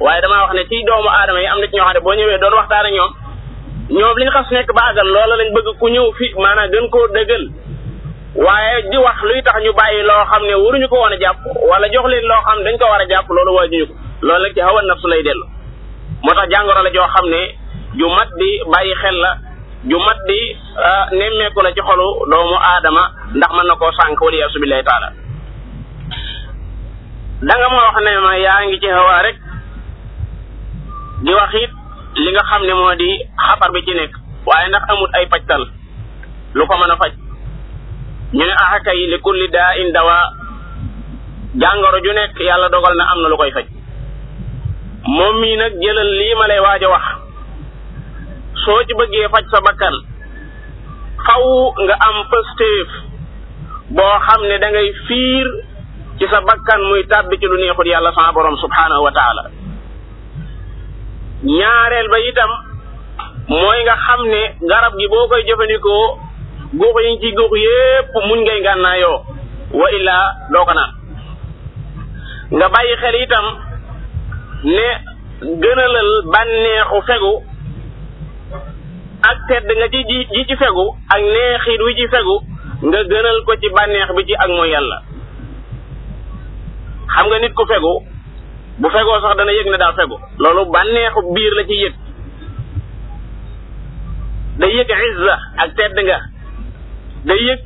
waaye damaa wax ne ci doomu aadama yi am na ci ñoo xam ne boo ñëwee doon waxtaan ak ñoom ñoom li ñu xas nekk baagal loola lañ bëgg ku ñëw fi maanaa gën koo dëggal waaye di wax luy tax ñu bàyyi loo xam ne waruñu ko woon a jàpp wala jox leen loo xam dañ ko war a jàpp loolu waajuñu ko loolu nag ci xaw a nafsu lay dellu moo tax jàngoro la joo xam ne ju mat di bàyyi xel la ju mat di ah, nemmeeku la ci xolu doomu ndax mën na koo sànq wala da nga ma wax ne ma yaa ngi ci hawaa rek di wax it li nga xam ne moo di xatar bi ci nekk waaye ndax amut ay pajtal lu ko mën a faj ñu ne axaka ah yi li kulli daa in dawa jàngoro ju nekk yàlla dogal na am na lu koy faj moom mii nag jëlal lii ma lay waaj a wax soo ci bëggee faj sa bakkan xaw nga am pëstéef boo xam ne dangay ngay fiir ci sa bakkan muy tàbbi ci lu neexul yàlla sama borom subhaanahu wa taala ñaareel ba itam mooy nga xam ne garab gi boo koy jëfandikoo guux yi ci guux yépp muñ ngay gànnaayoo wa illaa doo ko naan nga bàyyi xel itam ne gënalal bànneexu fegu ak tedd nga ci ji ci fegu ak neexit wi ci fegu nga gënal ko ci bànneex bi ci ak mooy yàlla xam nga nit ku fegoo bu fegoo sax dana yëg na daa fegu loolu bànneexu biir la ci yëg day yëg izza ak tedd nga day yëg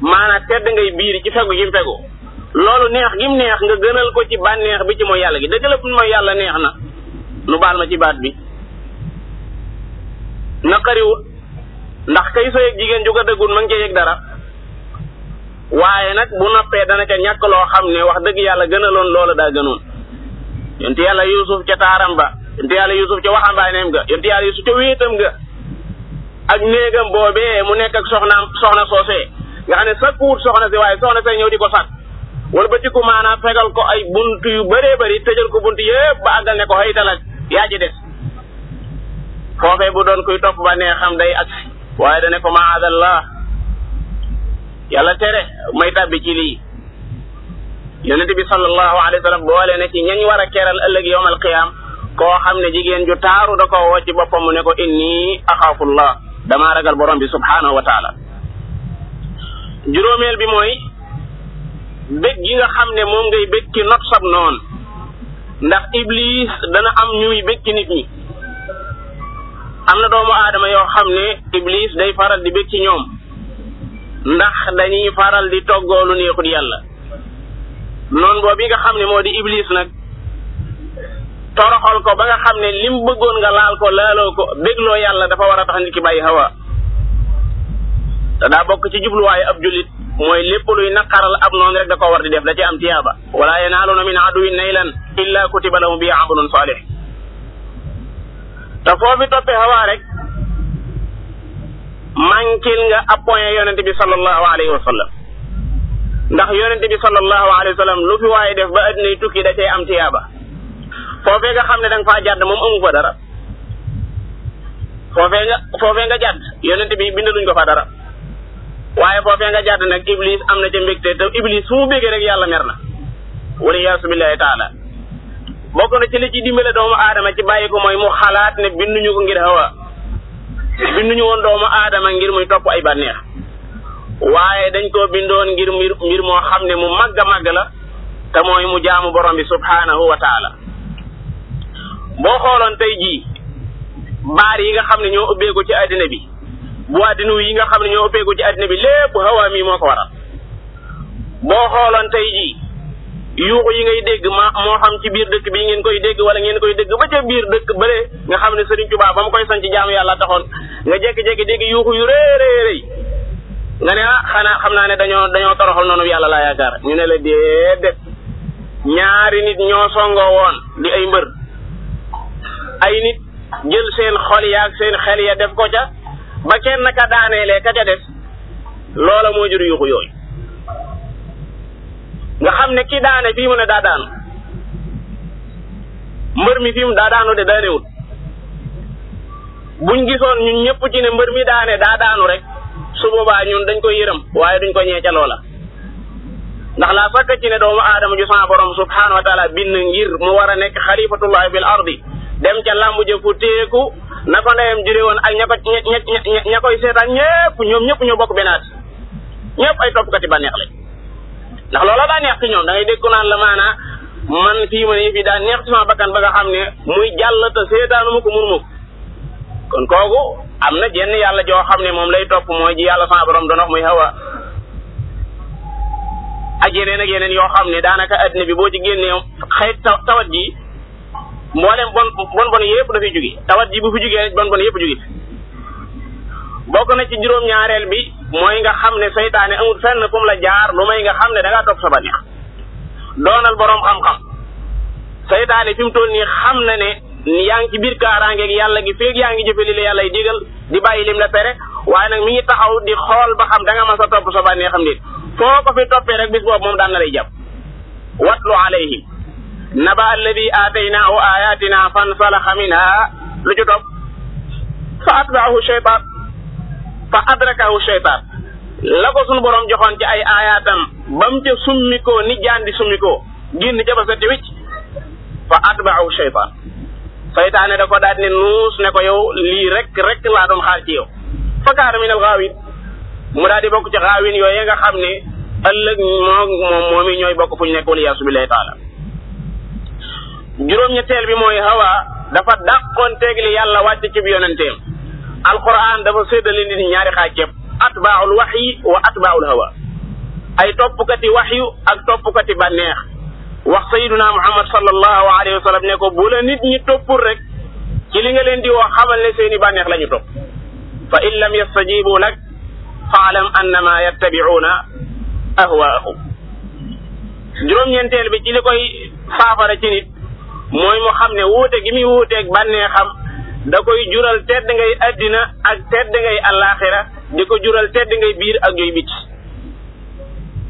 maanaam tedd ngay biir ci fegu gi mu fegu loolu neex gi mu neex nga gënal ko ci bànneex bi ci mooy yàlla gi dëgg la mooy yàlla neex na nu baal ma ci baat bi naqariwut ndax kay soo yëg jigéen ju ko dëggul ma ngi cee yëg dara waaye nag bu noppee dana ca ñàkk loo xam ne wax dëgg yàlla gënaloon loola daa gënoon yonti yàlla yusuf ca taaram ba yonti yàlla yusuf ca waxambaaneem ga yonti yàlla yusuf ca wéetam ga ak néegam boobee mu nekk ak soxna soosee nga xam ne sakkuwut soxna si waaye soxna see ñëw di ko sat wala ba tikku maanaam fegal ko ay bunt yu bëree bëri tëjal ko bunt yëpp ba àggal ne ko xëytal ak yaa ci des foofee bu doon kuy topp ba neexam day ak waaye dane ko maadallah yàlla tere may tàbbi ci lii yonente bi sallallahu alayhi wa sallam boole ne ci ñañ war a keral ëllëg yowmal qiyaam koo xam ne jigéen ju taaru da ko woo ci boppam mu ne ko inni axaafullah damaa ragal borom bi subhaanahu wa taala juróomeel bi mooy bég gi nga xam ne moom ngay bég ci not sab noon ndax iblis dana am ñuy bég ci nit ñi am na doomu aadama yoo xam ne iblis day faral di bég ci ñoom ndax dañuy faral di toggoo lu neexut yàlla noonu bii nga xam ne moo di iblis nag toroxal ko ba nga xam ne lim bëggoon nga laal ko laaloo ko bégloo yàlla dafa war a tax nit ki bàyyi hawa te daa bokk ci jubluwaayu ab jullit mooy lépp luy naqaral ab noonu rek da ko war di def da ci am tiyaaba wala yanaaluna min aduwin naylan illa kutiba lahum bi amalun salih te foofi toppee hawa rek manquil nga appoint yonente bi sallallahu alayhi wa sallam ndax yonente bi sallallahu alayhi wa sallam lu fi waaye def ba addinay tukki da cay am tiyaaba foofee nga xam ne da nga faa jàdd moom amu fa dara foofee nga jàdd yonente bi bindaluñ ko fa dara waaye foofee nga jàdd nag iblis am na ca mbégte te iblis fu mu rek yàlla mer na wala yaasu billahi taala bokk na ci li ci dimbale doomu aadama ci bàyyi ko mooy mu xalaat ne binduñu ko ngir hawa binduñu woon doomu aadama ngir muy topp ay bànneex waaye dañ koo bindoon ngir mbir mbir moo xam ne mu màgg a màgg la te mooy mu jaamu borom bi subhaanahu wa taala boo xooloon tey ji baar yi nga xam ne ñoo ubbeeku ci àddina bi bu àddinu yi nga xam ne ñoo ubbeeku ci àddina bi lépp hawa moo ko waral boo xooloon tey jii yuuxu yi ngay dégg ma moo xam ci biir dëkk bi ngeen koy dégg wala ngeen koy dégg ba ca biir dëkk bële nga xam ne Serigne Touba ba mu koy sanc jaamu yàlla taxoon nga jékki-jékki dégg yuuxu yu rëy rëy nga ne ah, xanaa xam naa ne dañoo dañoo toroxal noonu yàlla laa yaakaar ñu ne la déedéet ñaari nit ñoo songo woon di ay mbër ay nit jël seen xol yaak seen xel ya def ko ca ba kenn ka daaneelee ka ca des loola moo jur yuuxu yooyu nga xam ne kii daane fii mu ne daa daanu mbër mi fii mu daa daanu de daanewut buñ gisoon ñun ñëpp ci ne mbër mi daane daa daanu rek su boobaa ñun dañ koy yërëm waaye duñ ko ñee ca loola ndax laa fakk ci ne doomu aadama ju sama borom subhaanahu wa taala ngir mu war nekk xalifatullah bil ardi dem ca làmb ja fu teeku ko ndeyam jure woon ak ña ko ña ña ña koy seetaan ñëpp ñoom ñëpp ñoo bokk benaat ñëpp ay toppkati bànneex lañ ndax looloo daa neex ci ñoom da dégg ko naan la maanaa man fii ma ne fii daa neex ci sama bakkan ba nga xam ne muy jàll te seetaanuma ko murmuk kon kooku am na jenn yàlla joo xam ne moom lay topp mooy ji yàlla sama borom doon wax muy hawa ak yeneen ak yeneen yoo xam ne daanaka addina bi boo ci génnee xëy tawat ji mboolem bon bon bon yëpp dafay jóge tawat ji bu fi jógee bon bon yëpp jóge bokk na ci juróom ñaareel bi mooy nga xam ne saytaane amul fenn fu mu la jaar lu may nga xam ne da topp sa bànneex doonal boroom xam-xam saytaane fi mu toll nii xam na ne yaa ngi ci biir kaaraangeeg yàlla gi feeg yaa ngi jëfe li la yàlla di bàyyi lim la tere waaye nag mi ngi taxaw di xool ba xam da nga mën sa topp sa bànneex xam ne foo ko fi toppee rek bis boobu moom daan na lay jàpp watlu alayhim naba alladi aataynaahu ayatina fan salaxa minha lu ci topp fa atbaahu shaytaan fa adrakahu shaytaan la ko sunu borom joxoon ci ay aayaatam ba mu ca summikoo ni jaan di summikoo génn ca ba sa tiwicc fa atbaahu shaytaan saytaane da ko ne nuus ne ko yow lii rek rek laa doon xaar ci yow fa kaana min al mu daal di bokk ci gaawin yooyu nga xam ne ëllëg moom moom moom ñooy bokk fu ñu nekk yaasu billahi taala juróom-ñetteel bi mooy hawa dafa dàqoon teeg yàlla wàcc ci bi alquran dafa séddale nit ñi ñaari xaaj yëpp atbaaul waxyi wa atbaaul hawa ay toppkati waxyu ak toppkati bànneex wax sayiduna muhammad sallallahu alayhi wa sallam ne ko bu nit ñi toppul rek ci li nga leen di wax xamal ne seeni bànneex la ñu fa in lam yastajibu lak faalam annama yattabi'una ahwaahum juróom-ñeenteel bi ci li koy saafara ci nit mooy mu xam ne wuute gi muy wuuteeg bànneexam da koy jural tedd ngay àddina ak tedd ngay allaaxira di ko jural tedd ngay biir ak yooyu bit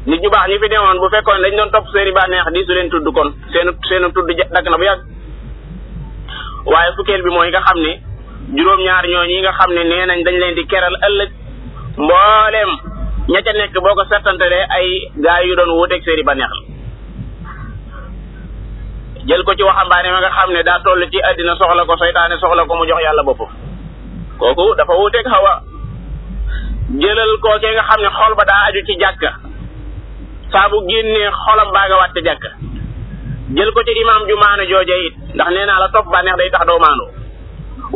nit ñu baax ñi fi demoon bu fekkoon dañ doon topp seeni bànneex di su leen tudd kon seenu seenu tudd dagg na bu yàgg waaye fukkeel bi mooy nga xam ne juróom-ñaar ñooñi nga xam ne nee nañ dañ leen di keral ëllëg mbooleem ña ca nekk boo ko sertantalee ay gaa yu doon wuuteeg seeni bànneex jël ko ci waxambaane ma nga xam ne daa toll ci addina soxla ko seytaane soxla ko mu jox yàlla boppam kooku dafa wuuteeg xawa jëlal kookee nga xam ne xol ba daa aju ci jàkka saa bu génnee xolam baa nga wàtt jàkka jël ko ci imaam ju maano jooje it ndax nee naa la topp bànneex day tax doo maanoo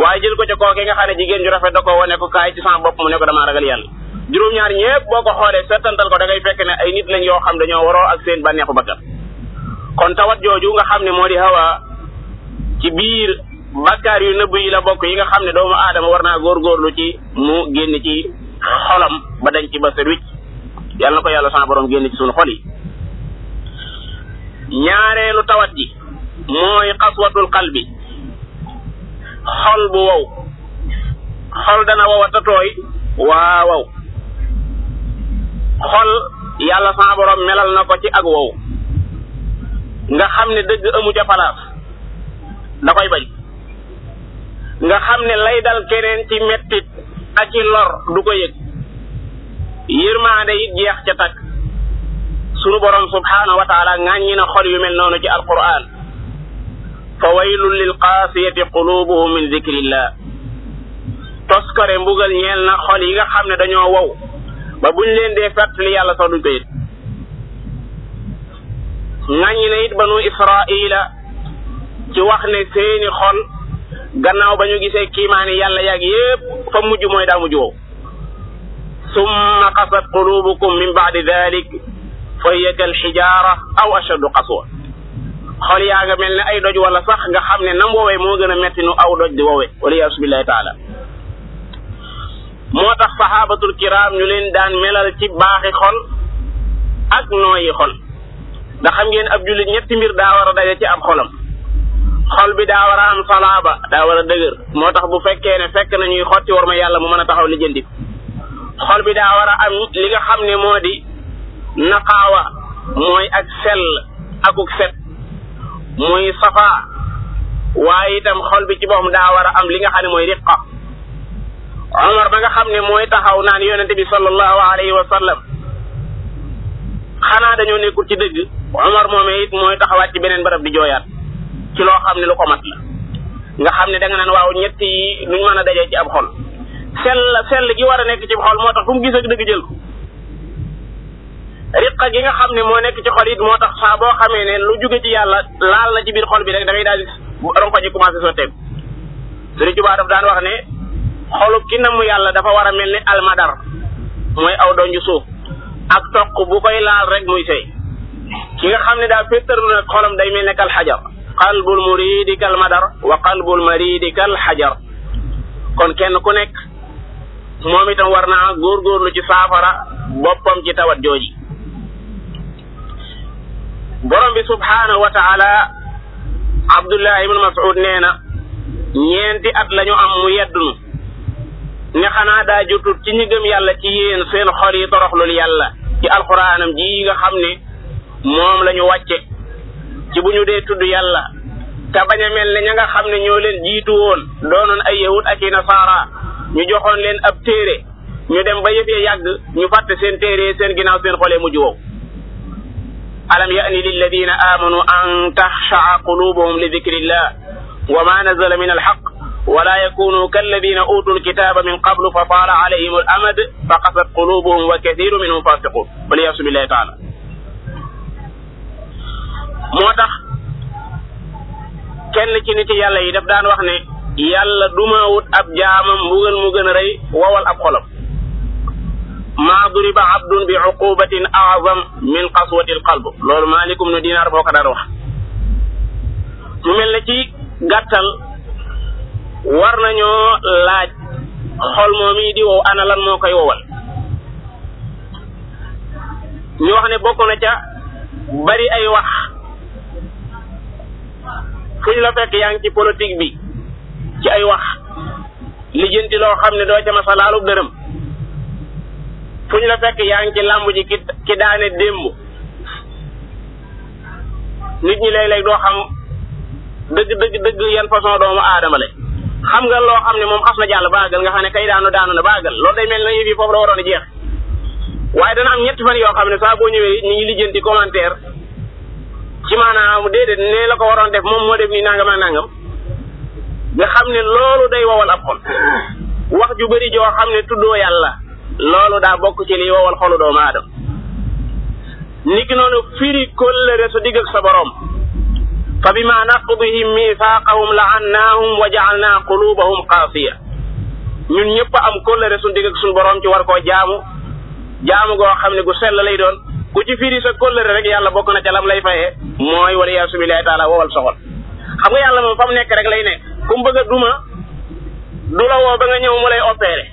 waaye jël ko ci kookee nga xam ne jigéen ju rafet da ko wane ko kaay ci sama bopp mu ne ko damaa ragal yàlla juróom-ñaar ñëpp boo ko xoolee seetantal ko da ngay fekk ne ay nit lañ yoo xam dañoo waroo ak seen bànneexu bakkan kon tawat jooju nga xam ne moo di hawa ci biir bakkaar yu nëbb yi la bokk yi nga xam ne doomu aadama war naa góorlu ci mu génn ci xolam ba dañ ci ba set wicc yàlla na ko yàlla sama borom génn ci sunu xol yi ñaareelu tawat ji mooy xaswatul qalbi xol bu wow xol dana wow a tatooy waaw wow xol yàlla sama borom melal na ko ci ak wow nga xam ne dëgg amu ca palaas da koy bañ nga xam ne lay dal keneen ci mettit ak ci lor du ko yëg yërmaande it jeex ca takk sunu borom subhaanahu wa taala ŋàññi na xol yu mel noonu ci alquran fa waylun lil qaasiyati qulubuhum min zikrillah toskore mbugal ñeel na xol yi nga xam ne dañoo wow ba buñ leen dee fàttali yàlla sax duñ ko yëg ŋàññi na it banu israila ci wax ne seeni xol gannaaw ba ñu gisee kiimaani yàlla yàgg yépp fa mujj mooy daa mujj wow summa qasat qulubukum min baadi dalik fa hiya kal aw ashaddu qaswa xol yaa nga mel ne ay doj wala sax nga xam ne nam woowee moo gën a mettinu nu aw doj di woowee waliyaasu billahi taala moo tax saxaabatul kiraam ñu leen daan melal ci baaxi xol ak nooyi xol ndax xam ngeen ab jullit ñetti mbir daa war a daje ci am xolam xol bi daa war a am salaaba daa war a dëgër moo tax bu fekkee ne fekk nañuy ñuy xotti war ma yàlla mu mën a taxaw li jëndi xol bi daa war a am li nga xam ne moo di naqaawa mooy ak sell akuk set muy safaa waaye itam xol bi ci boppam daa war a am li nga xam ne mooy riqa Omar ba nga xam ne mooy taxaw naan yonente bi sallallahu alayhi wa sallam xanaa dañoo nekkul ci dëgg Omar moomee it mooy taxawaat ci beneen barab di jooyaat ci loo xam ne lu ko mat la nga xam ne da nga naan waaw ñett yi luñ mën a dajee ci ab xol sell gi war a nekk ci xol moo tax fu mu gis ak dëgg jël ko riqa nga xam ne moo nekk ci xol it moo tax saa boo xamee ne jóge ci yàlla laal ci biir xol bi rek da ngay daal di ronko ji commencé sotteeku Sëriñ Tuubaa daf daan wax ne xolu ki namm yàlla dafa war a mel ni almadar mooy aw doon ju suuf ak toq bu koy laal rek muy sey ki nga xam ne daa féttarlu nag xolam day mel ne kal xajar qalbul muridi kal madar wa qalbul maridi kal xajar kon kenn ku nekk moom itam war naa góorgóorlu ci saafara boppam ci tawat jooji borom bi subhaanahu wa taala abdullah ibn mas'ud nee na ñeenti at lañu am mu yeddunu ne xanaa daa jotut ci ñi gëm yàlla ci yéen seen xol yi yàlla ci alquraanam ji nga xam ne moom la ñu wàcce ci bu ñu dee tudd yàlla te bañ a mel ña nga xam ne ñoo leen jiitu woon doonoon ay yahud ak i nasaara ñu joxoon leen ab téere ñu dem ba yëf ya yàgg ñu fàtte seen téere seen ginnaaw seen xoolee mujj wow alam yaani lilladina amanu an taxshaa qulubuhum li dikrillah wa ma nazala min alxaq wala yakunu kalladina utu lkitaba min qablu fa wa kathiru minhum fasiqun waliyasu billahi taala moo tax kenn ci nit yàlla yi daf daan wax ne yàlla duma wut ab jaamam mbugal mu gën a rëy wowal ab xolam maa duriba abdun bi uqubatin azam min qaswatil qalb loolu maalikum nu dinaar boo ko daan wax mu mel na ci gàttal war nañoo laaj xol moom yi di wow ana lan moo koy wowal ñu wax ne bokk na ca bari ay wax fu ñu la fekk yaa ngi ci politique bi ci ay wax lijjanti loo xam ne doo ca masa laalu bërëm fu ñu la fekk yaa ngi ci làmb ji ki ki daane démb nit ñi léeg-léeg doo xam dëgg dëgg dëgg yan façon doomu aadama la xam nga loo xam ne moom xas na jàll baagal nga xam ne kay daanu daanu na baagal loolu day mel na yëf yi foofu la waroon a jeex waaye dana am ñetti fan yoo xam ne saa boo ñëwee ñu ngi lijjanti commentaire ci maanaam déedéet nee la ko waroon def moom moo def nii nangam ak nangam nga xam ne loolu day wowal ab xol wax ju bari joo xam ne tuddoo yàlla loolu daa bokk ci liy wowal xolu doomu aadama niki noonu firi kóllëre su digg sa borom fa bima naqdihim mithaqahum la'annahum wa ja'alna qulubahum qasiya ñun ñëpp am kóllëre su digg ak suñ borom ci war koo jaamu jaamu goo xam ne gu sell lay doon ku ci firi sa kóllëre rek yàlla bokk na ca lam lay fayee mooy wala yaa subilahi taala wowal soxol xam ga yàlla moom fa mu nekk rek lay nekk ku mu bëgg a duma du la woo ba nga ñëw mu lay opéré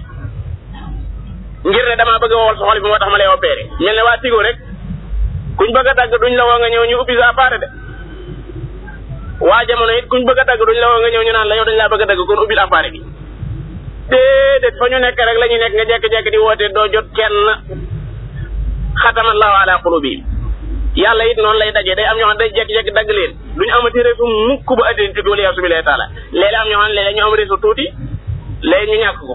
ngir ne damaa bëgg a wowal soxol bi moo tax ma lay opéré mel ne waa tigo rek kuñ bëgg a tàgg duñ la woo nga ñëw ñu ubbi sa appareil de waa jamono it kuñ bëgg a tàgg duñ la woo nga ñëw ñu naan la yow dañ laa bëgg a tàgg kon ubbil appareil bi déedéet fa ñu nekk rek la ñuy nekk nga jekk-jekk di woote doo jot kenn xatama allahu ala qulubihim yàlla it noonu lay dajee day am ñoo xam day jekk-jekk dagg leen duñu amati réseau mukk ba addina tëdd wala yaasu billahi taala am ñoo xam léeg-léeg ñu am réseau tuuti léegi ñu ñàkk ko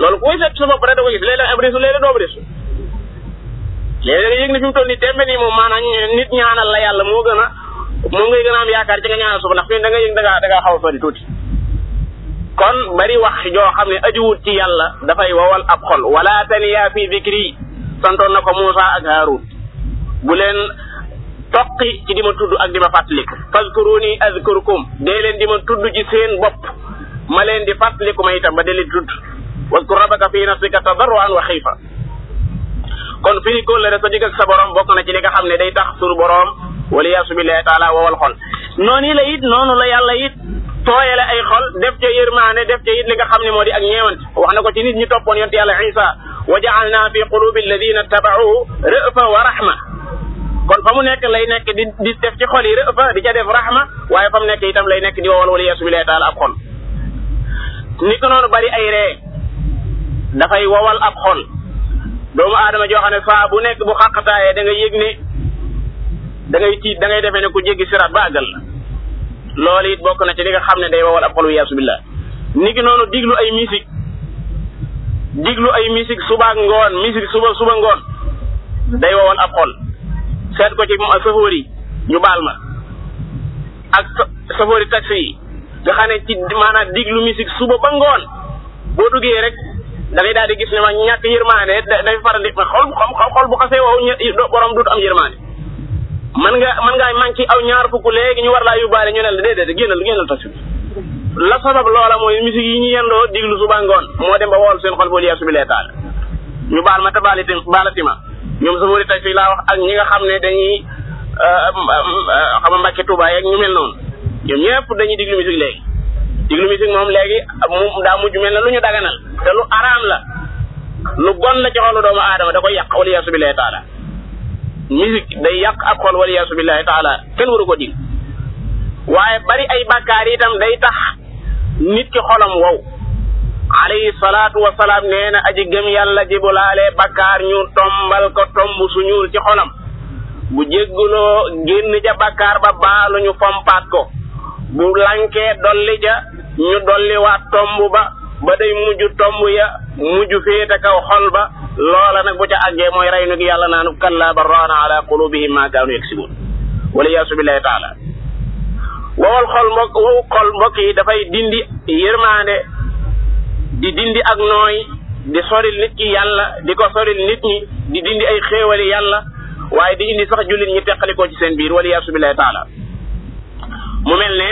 loolu koy da ko gis léeg-léeg am réseau doo am réseau léeg-léeg nga yëg ne fi mu toll nii nii moom maanaam nit ñaanal la yàlla moo gën a moo ngay gën a am yaakaar ci nga ñaanal suba ndax fi da nga yëg da ngaa da ngaa xaw a sori tuuti kon bari wax joo xam ne ajuwut ci yàlla dafay wowal ab xol wala taniya fi dikri tontoon na ko Moussa ak Haroun bu leen toqi ci di ma tudd ak di ma fàttaliku fazkuruni azkurkum dee leen di ma tudd ci seen bopp ma leen di fàttaliku ma itam ba dee leen tudd wazkur rabbaka fi nafsika tadarruan wa xiifa kon firi kóllëre sa digg ak sa borom bokk na ci li nga xam ne day tax sunu borom wala yaasu billahi taala wowal xol noonu la noonu la yàlla tooyale ay xol def ca yërmaane def ca it li nga xam ne moo di ak ñeewant wax na ko ci nit ñi toppoon yonte yàlla isa wa ja'alna fi qulubi alladina tabauhu ra'fa wa rahma kon fa mu nekk lay nekk di di def ci xol yi ra'fa di ca def rahma waaye fa mu nekk itam lay nekk di wowal wala yeesu bi lay taala ab xol ni ko noonu bari ay ree dafay wowal ab xol doomu aadama joo xam ne faa bu nekk bu xaqataayee da nga yëg ne da ngay tiit da ngay defee ne ku jéggi siraat ba àggal la loolu it bokk na ci li nga xam ne day wowal ab xol wi yaasu billah ni ki noonu diglu ay musique diglu ay musique suba ak ngoon musique suba suba ngoon day wowal ab xol seet ko ci safoor yi ñu baal ma ak safoor yi taxi yi nga xam ne ci maanaam diglu musique suba ba ngoon boo duggee rek da ngay di gis ne ma ñàkk yërmaane day faral di xol xol bu xasee wow borom duut am yërmaane man nga man ngaa manqué aw ñaar fukk léegi ñu war laa yóbbaale ñu ne la déedéet génnal génnal tas la sabab loola mooy musique yi ñu yendoo diglu suba ngoon moo dem ba wool seen xol boolu yeesu bi lee taal ñu baal ma te baali baalati ma ñoom sa wari tay fii laa ak ñi nga xam ne dañuy euh, euh, euh, xam a mbàkke Tuubaa yeeg ñu mel noonu ñoom ñëpp dañuy diglu musique léegi diglu musique moom léegi mu daa mel na lu ñu daganal te lu araam la lu bon la ci xolu doomu aadama da koy yàq wala yeesu bi lee taala musique day yàq ak xol wala yaasu billahi kenn waru ko waaye bari ay bàkkaar yitam day tax nit ki xolam wow alayhi salaatu wasalaam nee na aji gëm yàlla ji bu laalee bàkkaar ñu tombal ko tomb su ñuul ci xolam bu jégguloo génn ja bàkkaar ba baalu ñu fompaat ko bu lankee dolli ja ñu dolli waat tomb ba ba day mujj tomb ya mujj ta kaw xol ba loola nag bu ca àggee mooy rey nu gi yàlla naanu kalla bal raana ala qulubihim ma kaanu yaksibuun wala yaasu billahi taala wowal xol mbokk wow xol mbokk yi dafay dindi yërmaande di dindi ak nooy di soril nit ki yàlla di ko soril nit ñi di dindi ay xéewali yàlla waaye di indi sax jullit ñi teqalikoo ci seen biir wala yaasu billahi taala mu mel ne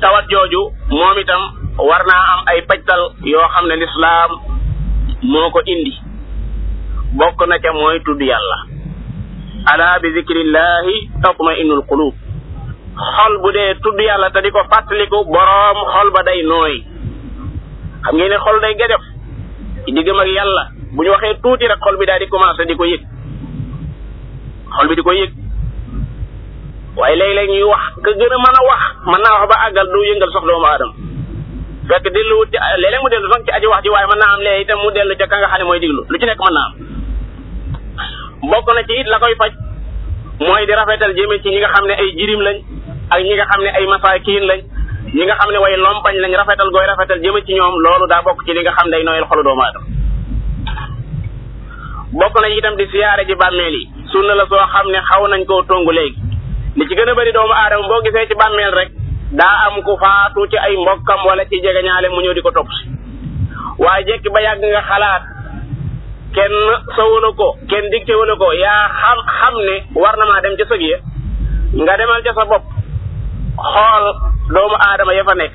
tawat jooju moom itam war naa am ay pajtal yoo xam ne lislaam moo ko indi bokk na ca mooy tudd yàlla ala bi zikrillahi tatma innul qulub xol bu dee tudd yàlla te di ko fàttaliku boroom xol ba day nooy xam ngeen ne xol day gajaf ci diggam ak yàlla bu ñu waxee tuuti rek xol bi daal di commencé di ko yëg xol bi di ko yëg waaye léeg-léeg ñuy wax ka gën a mën a wax mën naa wax ba àggal du yëngal sox doomu aadama fekk delluwut ci léeg-léeg mu dellu sax ci aji wax ji waaye man naa am léegi itam mu dellu ca ka nga xam ne mooy diglu lu ci nekk mën naa am bokk na ci mooy di rafetal jëme ci ñi nga xam ne ay jirim lañ ak ñi nga xam ne ay masaakiin lañ ñi nga xam ne way lompañ lañ rafetal gooy rafetal jëme ci ñoom loolu daa bokk ci li nga xam day nooyal xolu doomu aadama bokk itam di siyaare ji bàmmeel yi sunna la soo xam ne xaw nañ koo tongu léegi li ci gën a bari doomu aadama boo gisee ci bàmmeel rek daa am ku faatu ci ay mbokkam walla ci jegeñaale mu ñëw di ko topp si waa jekki ba yàgg nga xalaat kenn sawala ko kenn digte wala ko yaa xam xam ne war na maa dem ca sëg ya nga demal ca sa bopp xool doomu aadama ya fa nekk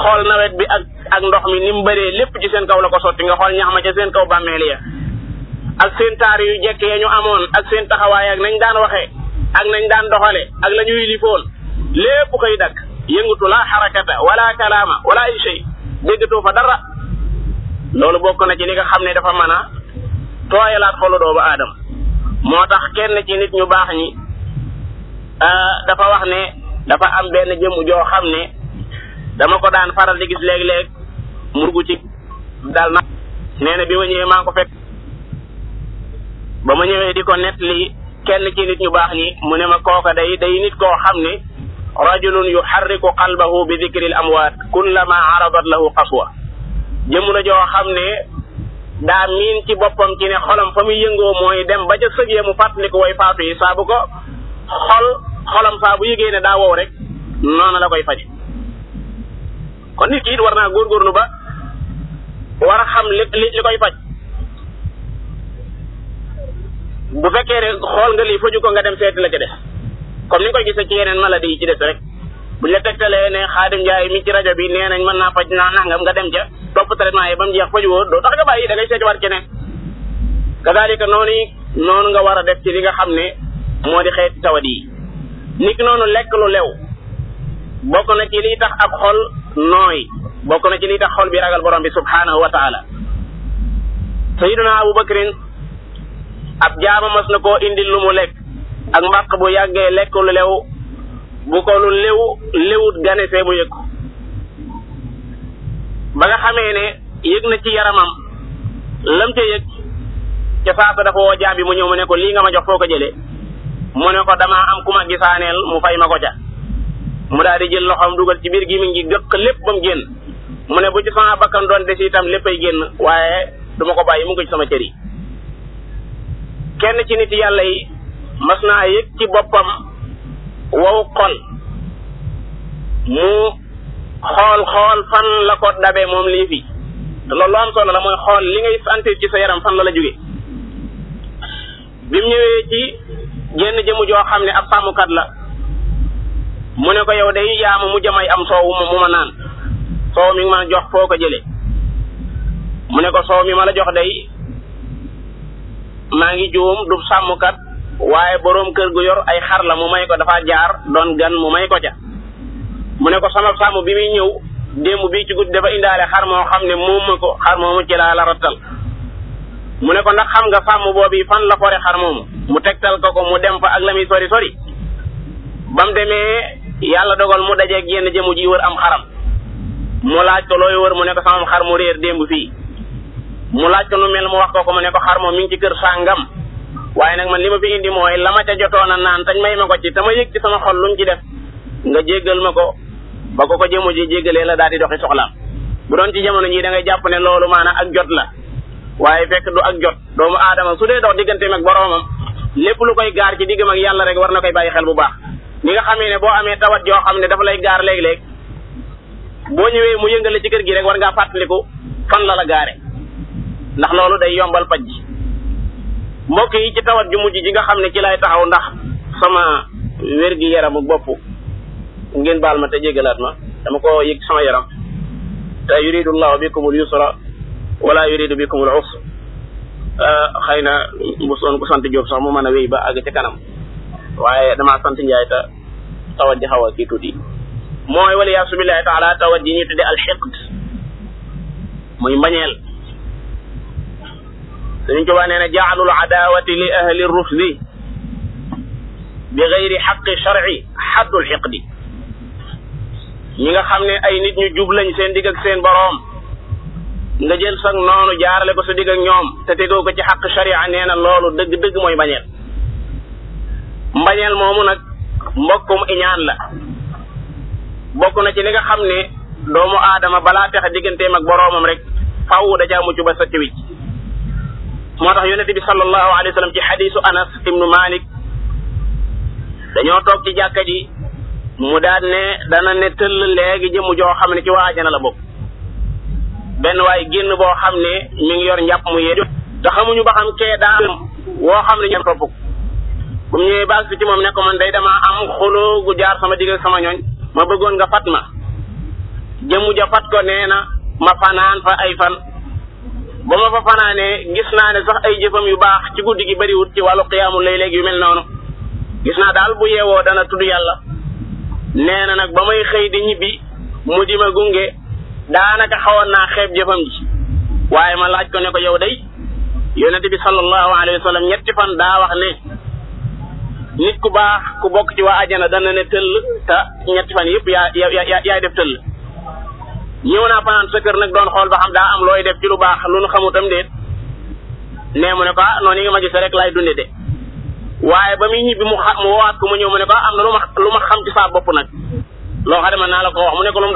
xool nawet bi ak ak ndox mi ni mu bëree lépp ci seen kaw la ko sotti nga xool ñax ma ci seen kaw bàmmeel ya ak seen taar yu jekk ya ñu amoon ak seen taxawaay ak nañ daan waxee ak nañ daan doxale ak la ñuy lifoon lépp koy dakk yëngutu la xarakata wala kalaama wala ay shay déggatoo fa dara loolu bokk na ci li nga xam ne dafa mën a tooyalaat xolu doomu aadama moo tax kenn ci nit ñu baax ñi euh, dafa wax ne dafa am benn jëmm joo xam ne dama ko daan faral di gis léeg-léeg murgu ci dal na nee na bi ma ñëwee maa ko fekk ba ma ñëwee di ko nettali kenn ci nit ñu baax ñi mu ne ma kooka day day nit koo xam ne rajulun yuharriku qalbahu bi dhikril amwaat kullama aradat lahu qaswa jëmuna joo xam ne daa miin ci boppam ci ne xolam fa mu yëngoo mooy dem ba ca sëg ya mu fàttaliku way faatu yi saa ko xol xolam saa bu yëgee ne daa wow rek noonu la koy faje kon nit ki war naa góorgóorlu ba war a xam li li koy faj bu fekkee ne xool nga lii faju ko nga dem seeti la ca des comme ni nga koy gisee ci yeneen maladie yi ci def rek bu la tegtalee ne xaadim njaay mi ci rajo bi nee nañ mën naa faj naa nangam nga dem ja topp traitement yi ba mu jeex faju woo doo tax nga bàyyi da ngay seeti war keneen kadaalika noonu noonu nga war a def ci li nga xam ne moo di xeeti tawat yi nit ki noonu lekk lu lew bokk na ci liy tax ab xol nooy bokk na ci li tax xol bi ragal borom bi subhaanahu wa taala sayiduna ab jaama mas na koo indi lu mu lekk ak mbaq bu yàggee lekk lu lew bu ko lu lewut ganesee mu yëg ba nga xamee ne yëg na ci yaramam lam ca yëg ca saasa dafa woo bi mu ñëw ma ne ko lii nga ma jox foo ko jëlee mu ne ko damaa am ku ma gisaaneel mu fay ma ko ca mu daal di jël loxoom dugal ci biir gi mi ngi gëq lépp génn mu ne bu ci sama bakkan doon des itam léppay génn waaye duma ko bàyyi mu ngi ci sama cër yi kenn ci nit yàlla yi mas naa yëg ci boppam wow xol mu xool xool fan la ko dabe moom lii fi te loolu am solo la mooy xool li ngay sentir ci sa yaram fan la la jóge bi mu ñëwee ci jenn jëmu joo xam ne ab sàmmkat la mu ne ko yow day yaama mu jëmay am soow mu ma naan soow mi ma jox foo ko jële mu ne ko soow mi ma la jox day maa ngi juum du sàmmkat waaye boroom kër gu yor ay xar la mu may ko dafa jaar doon gan mu may ko ca mu ne ko sama sàmm bi muy ñëw démb bi ci guddi dafa indaale xar ne moom ko xar moomu la rattal mu ne ko ndax xam nga sàmm boobu fan la fore xar mu tegtal ko ko mu dem fa ak la muy sori sori ba mu demee yàlla dogal mu dajee yenn jëmu ji wër am xaram mu laaj ko looy wër mu ne ko sama xar mu réer démb fii mu laaj ko nu mel mu wax ko ko mu ne ko xar moom mi ngi ci kër sàngam waaye nag man li ma fi indi mooy la ma ca jotoon a naan tañ may ma ko ci te ma yëg ci sama xol lu mu ci def nga jéggal ma ko ba ko ko jëmu ji jéggalee la daal di doxi soxlaam bu doon ci jamono jii da ngay jàpp ne loolu maana ak jot la waaye fekk du ak jot doomu aadama su dee dox digganteem ak boroomam lépp lu koy gaar ci diggam ak yàlla rek war na koy bàyyi xel bu baax ni nga xamee ne boo amee tawat yoo xam ne dafa lay gaar léeg-léeg ñëwee mu yëngale ci kër gi rek war ngaa fàttaliku fan la la gaare ndax loolu day yombal paj ji mbokk yi ci tawat ju mujj ji nga xam ne ci laay taxaw ndax sama wér gi yaramu bopp ngeen baal ma te jégalaat ma dama ko yëg sama yaram te yuridu llahu bikumul yusra wala yuridu bikumul usra euh, xëy na bu soon ko sant Diop sax mu man a wéy ba àgg ci kanam waaye damaa sant Ndiaye te tawat ji xaw a kii tuuti mooy wala yaa subillahi taala tawat ji ñuy tuddee alxiqd muy mbañeel Sëriñ Tuubaa nee na jaalul adaawati li ahli rusdi bi gayri xaqi sharci xaddul di ñi nga xam ne ay nit ñu jub lañ seen digg ak seen boroom nga jël sag noonu jaarale ko sa digg ak ñoom te tegoo ko ci xaq sharia nee na loolu dëgg-dëgg mooy mbañeel mbañeel moomu nag mbokkum iñaan la bokk na ci li nga xam ne doomu aadama balaa tax digganteem ak boroomam rek faaw da caa mucc ba sa ci moo tax yonente bi sallallahu alayhi wa sallam ci xadisu anas ibnu malik dañoo toog ci jàkka ji mu daan ne dana ne tëll léegi jëmu joo xam ne ci waa ajana la bokk benn waaye génn boo xam ne mi ngi yor njàpp mu yéedi te xamuñu ba xam kee daa woo xam ne ñoom topp ko mu ñëwee baas bi ci moom ne ko man day damaa am xuloo gu jaar sama digg sama ñooñ ma bëggoon nga fat ma jëmu ja fat ko nee na ma fanaan fa ay fan ba ma fa fanaanee gis naa ne sax ay jëfam yu baax ci guddi gi bariwut ci wàllu xiyaamu lay léegi yu mel noonu gis naa daal bu yeewoo dana tudd yàlla nee na nag ba may xëy di ñibbi mu di ma gunge daanaka xawoon naa xeeb jëfam ji waaye ma laaj ko ne ko yow day yonente bi sallallahu alayhi wa sallam ñetti fan daa wax ne nit ku baax ku bokk ci waa ajana dana ne tëll te ñetti fan yëpp yaa yaa yaay def tëll ñëw naa fanaan sa kër nag doon xool ba xam daa am looy def ci lu baax lu nu xamutam déet nee mu ne ko ah noonu yi nga ma gis rek laay dunde de waaye ba muy ñibbi mu xa mu woowaat ko mu ñëw mu ne ko ah, am na lu ma lu ma xam ci saa bopp nag loo xam ne naa la ko mu ne ko lu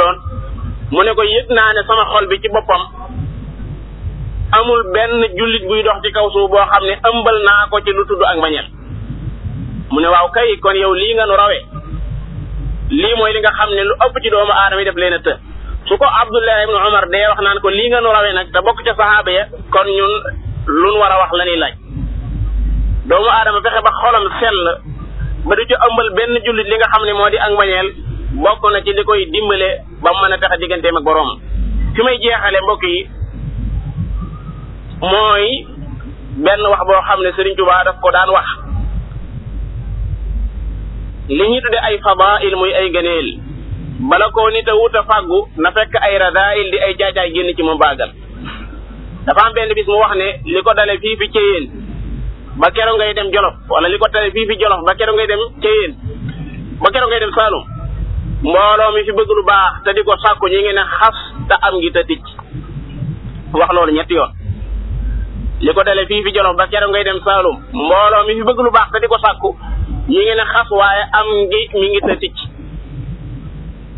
mu ne ko yëg naa ne sama xol bi ci boppam amul benn jullit buy dox ci kaw suuf boo xam ne ëmbal naa ko ci lu tudd ak mbañeel mu ne waaw kay kon yow lii nga nu rawee lii mooy li nga xam ne lu ëpp ci doomu aadama yi def leen a të su ko Abdullah ibn Umar dee wax naan ko lii nga nu nag te bokk ca saxaaba ya kon ñun luñ war a wax la ñuy laaj doomu aadama fexe ba xolam sell ba du ci ëmbal benn jullit li nga xam ne moo di ak mbañeel bokk na ci li koy dimbale ba mën a fexe digganteem ak boroom fi may jeexale mbokk yi mooy benn wax boo xam ne Serigne Touba daf ko daan wax li ñu tudde ay fadail muy ay gëneel bala koo nit a wut a fàggu na fekk ay radaayil di ay jaajaay génn ci mu baagal dafa am benn bis mu wax ne li ko dale fii fi Ceyeen ba kero ngay dem Jolof wala li ko dale fii fi Jolof ba kero ngay dem Ceyeen ba kero ngay dem Saalum mbooloo mi fi bëgg lu baax te di ko sàkku ñu ngi ne xas te am ngi te loolu ñetti yoon li ko dale fii fi ba kero ngay dem Saalum mbooloo mi fi bëgg lu baax te di ko sàkku ñu ngi ne xas waaye am ngi mi ngi te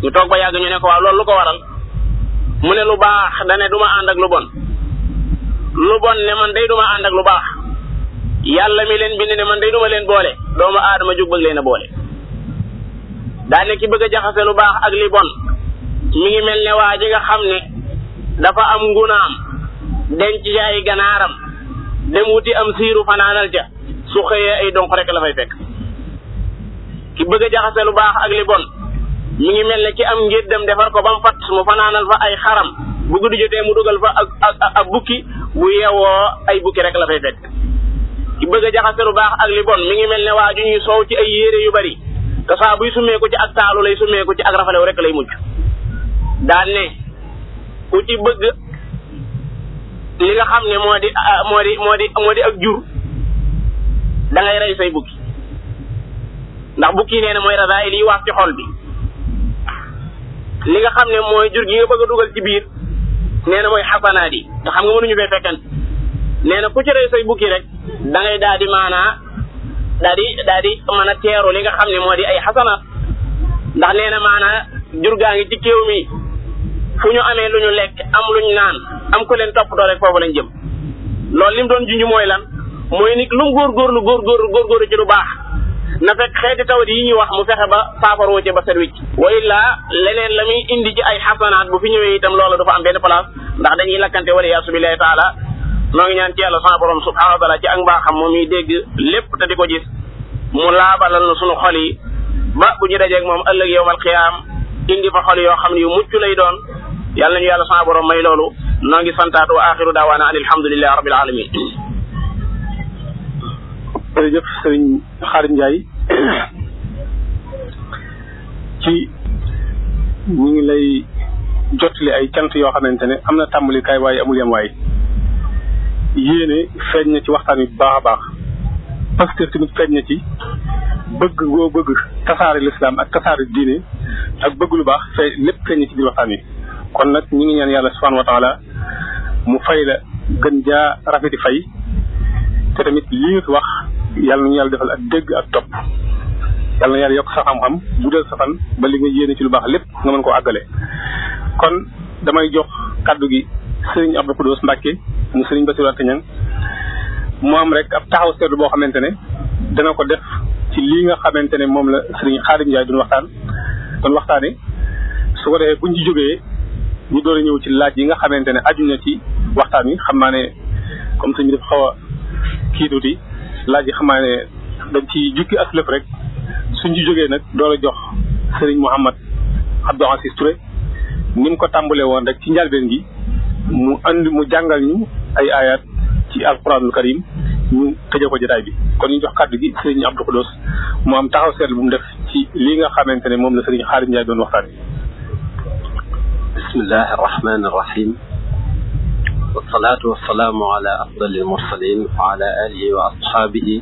ñu toog ba yàgg ñu ne ko waaw loolu lu ko waral mu ne lu baax da duma du ma ànd ak lu bon lu bon ne man day du ànd ak lu baax yàlla mi leen bind ne man day du leen boole doomu aadama jug bëgg leen a boole. daa ne ki bëgg a jaxase lu baax ak li bon ngi mel ne waa ji nga xam ne dafa am ngunaam ganaaram dem wuti am siiru fanaanal ja su ay donk rek la fay bëgg a jaxase mi ngi mel ne ki am dem defar ko ba mu fatt mu fanaanal fa ay xaram bu guddi jotee mu dugal fa ak ak bukki bu yeewoo ay bukki rek la fay fekk ki bëgg a baax ak li bon mi ngi mel ne waa ju ñuy soow ci ay yére yu bari te saa buy sumeeku ci ak taalu lay sumeeku ci ak rafalew rek lay mujj daal ku ci bëgg li nga xam ne moo di ah, moo di moo di moo di ak jur da ngay rey say bukki ndax bukki nee na mooy rasaayil yi waas ci xol bi li nga xam ne mooy jur gi nga bëgg a dugal ci biir nee na mooy xasanaat yi te xam nga mënuñu fee fekkante nee na ku ci rey say rek da ngay daal di maanaa daal daal di mën a teeru li nga xam ne moo di ay xasanaat ndax nee na maanaa jur gaa ngi ci kéew mi fu ñu amee lu ñu lekk am lu ñu naan am ko leen toppatoo rek foofu lañ jëm loolu li mu doon junj mooy lan mooy nit lu góor góor mu góor góorgóorlu góorgóorlu ci lu baax na fekk xeeti tawat yi ñuy wax mu fexe ba saafaroo ci ba set wicc wa illaa leneen la muy indi ci ay xasanaat bu fi ñëwee itam loola dafa am benn place ndax dañuy lakkante wala yaasu billahi taala noo ngi ñaan ci yàlla sama borom subhanahu wa taala ci ak mbaaxam moom miy dégg lépp te di ko gis mu laabalal na sunu xol yi ba ku ñu dajeeg moom ëllëg yowmal xiyaam indi fa xol yoo xam ne yu mucc lay doon yàlla nañu yàlla sama borom may loolu noo ngi santaat wa axiru daawaana an alhamdulillahi rabbil alamin jërëjëf sëriñ Xaadim Ndiaye ci ñu ngi lay jot jottali ay cant yoo xamante ne am na tàmbalikaay waaye amul yem waay yéene feeñ na ci waxtaan wi bu baax a baax parce que tamit feeñ na ci bëgg goo bëgg tasaare lislaam ak tasaare diine ak bëgg lu baax fee lépp feeñ na ci biir waxtaan wi kon nag ñu ngi ñaan yàlla subhaanahu wa taala mu fay la gën jaa rafeti fay te tamit lii nga fi wax yàlla nañu yàlla defal ak dégg ak topp yàlla na yàlla yokk sa xam-xam dee sa fan ba li nga yéene ci lu baax lépp nga mën koo àggale kon damay jox kàddu gi sëriñ Abdou Khoudoss Mbacke mu sëriñ Bassirou Anta Niang mu am rek ab taxaw seetlu boo xamante ne dana ko def ci lii nga xamante ne moom la sëriñ Xaadim Njaay waxtaan kon waxtaane su ko defee bu ñu jógee ñu door a ñëw ci laaj yi nga xamante ne aju na ci waxtaan wi xam naa ne comme suñu def xaw a kii tuuti laaj yi xamaa ne dañ ci jukki ak lépp rek suñ ci jógee nag door a jox sëriñ Mouhamad Abdou Aziz Touré ni mu ko tàmbalee woon rek ci njëlbeen gi mu andi mu jàngal ñu ay ayat ci alquranul karim ñu tëjee ko jotaay bi. kon ñu jox kàddu gi sëriñ Abdou Khoudoss mu am taxaw seetlu bu mu def ci li nga xamante ne moom la sëriñ Xaadim Ndiaye doon waxtaan. bismillahi rahmaani rahim. wasalaatu wasalaamu ala afdal almursalin wa ala alihi wa ashaabihi